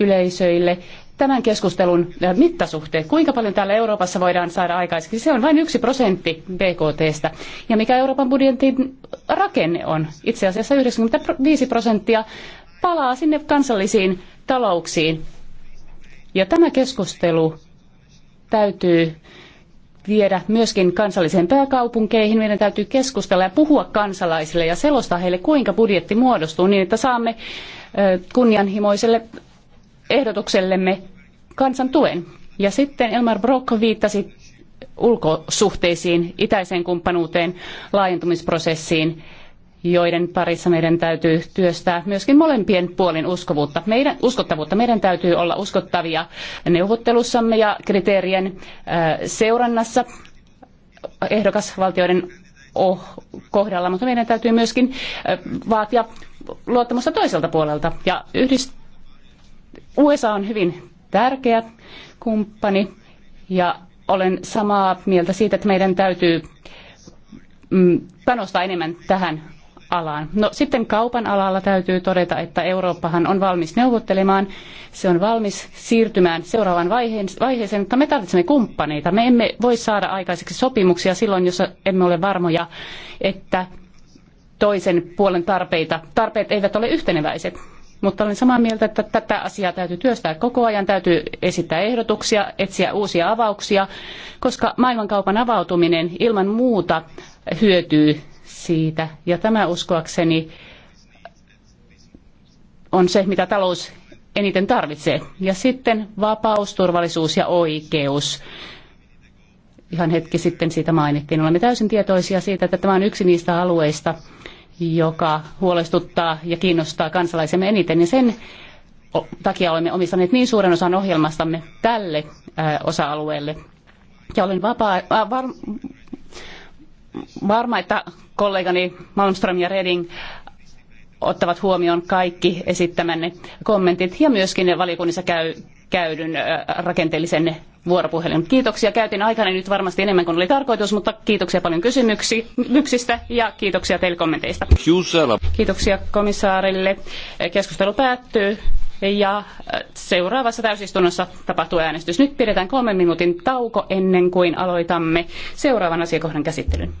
yleisöille tämän keskustelun äh, mittasuhteet. Kuinka paljon täällä Euroopassa voidaan saada aikaiseksi? Se on vain yksi prosentti BKTstä. Ja mikä Euroopan budjetin rakenne on? Itse asiassa 95 prosenttia palaa sinne kansallisiin talouksiin. Ja tämä keskustelu täytyy viedä myöskin kansalliseen pääkaupunkeihin. Meidän täytyy keskustella ja puhua kansalaisille ja selostaa heille, kuinka budjetti muodostuu niin, että saamme kunnianhimoiselle ehdotuksellemme kansan tuen. Ja sitten Elmar Brok viittasi ulkosuhteisiin, itäiseen kumppanuuteen, laajentumisprosessiin joiden parissa meidän täytyy työstää myöskin molempien puolin uskovuutta. Meidän, uskottavuutta. Meidän täytyy olla uskottavia neuvottelussamme ja kriteerien äh, seurannassa äh, ehdokasvaltioiden oh, kohdalla, mutta meidän täytyy myöskin äh, vaatia luottamusta toiselta puolelta. Ja yhdist... USA on hyvin tärkeä kumppani ja olen samaa mieltä siitä, että meidän täytyy mm, panostaa enemmän tähän alaan. No sitten kaupan alalla täytyy todeta, että Eurooppahan on valmis neuvottelemaan, se on valmis siirtymään seuraavaan vaiheeseen, mutta me tarvitsemme kumppaneita. Me emme voi saada aikaiseksi sopimuksia silloin, jos emme ole varmoja, että toisen puolen tarpeita, tarpeet eivät ole yhteneväiset. Mutta olen samaa mieltä, että tätä asiaa täytyy työstää koko ajan, täytyy esittää ehdotuksia, etsiä uusia avauksia, koska maailmankaupan avautuminen ilman muuta hyötyy siitä. Ja tämä uskoakseni on se, mitä talous eniten tarvitsee. Ja sitten vapaus, turvallisuus ja oikeus. Ihan hetki sitten siitä mainittiin. Olemme täysin tietoisia siitä, että tämä on yksi niistä alueista, joka huolestuttaa ja kiinnostaa kansalaisemme eniten. Ja sen takia olemme omistaneet niin suuren osan ohjelmastamme tälle osa-alueelle. Ja olen vapaa, äh, var, varma, että kollegani Malmström ja Reding ottavat huomioon kaikki esittämänne kommentit ja myöskin valiokunnissa käy, käydyn rakenteellisen vuoropuhelun. Kiitoksia. Käytin aikana nyt varmasti enemmän kuin oli tarkoitus, mutta kiitoksia paljon kysymyksistä ja kiitoksia teille kommenteista. Kiitoksia komissaarille. Keskustelu päättyy ja äh, seuraavassa täysistunnossa tapahtuu äänestys. Nyt pidetään kolmen minuutin tauko ennen kuin aloitamme seuraavan asiakohdan käsittelyn.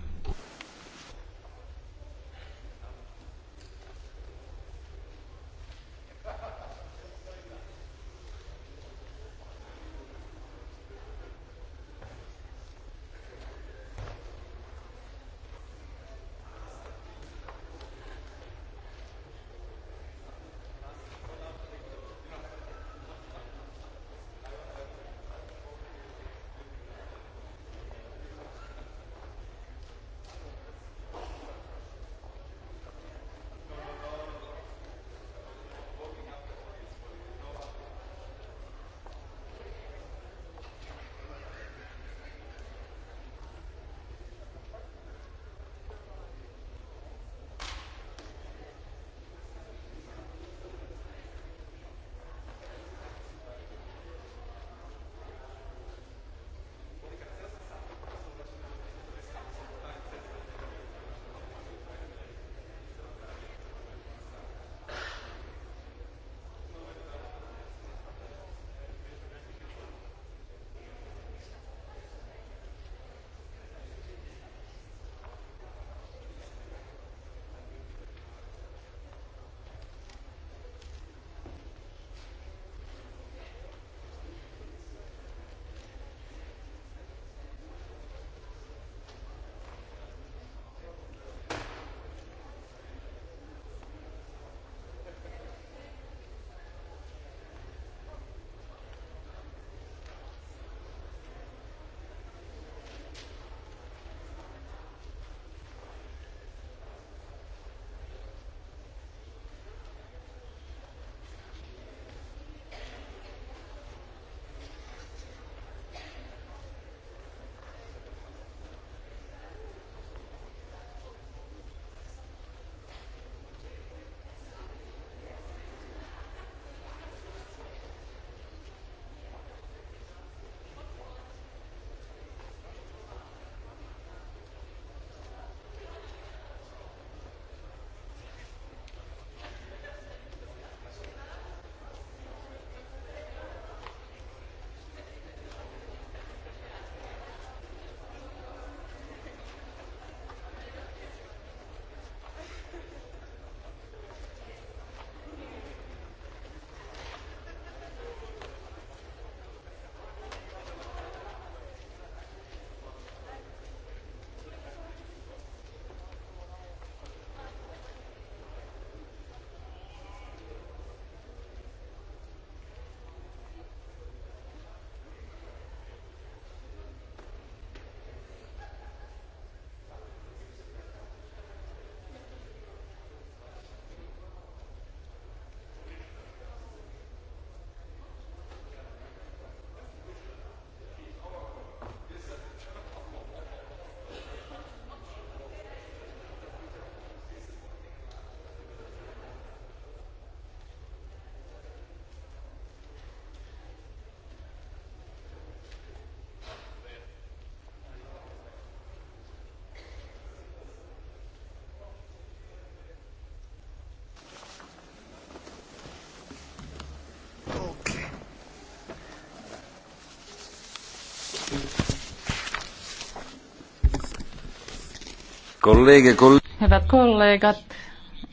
Kollege, koll- Hyvät kollegat,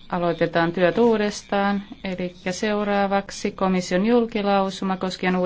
aloitetaan työt uudestaan. Eli seuraavaksi komission julkilausuma koskien uuden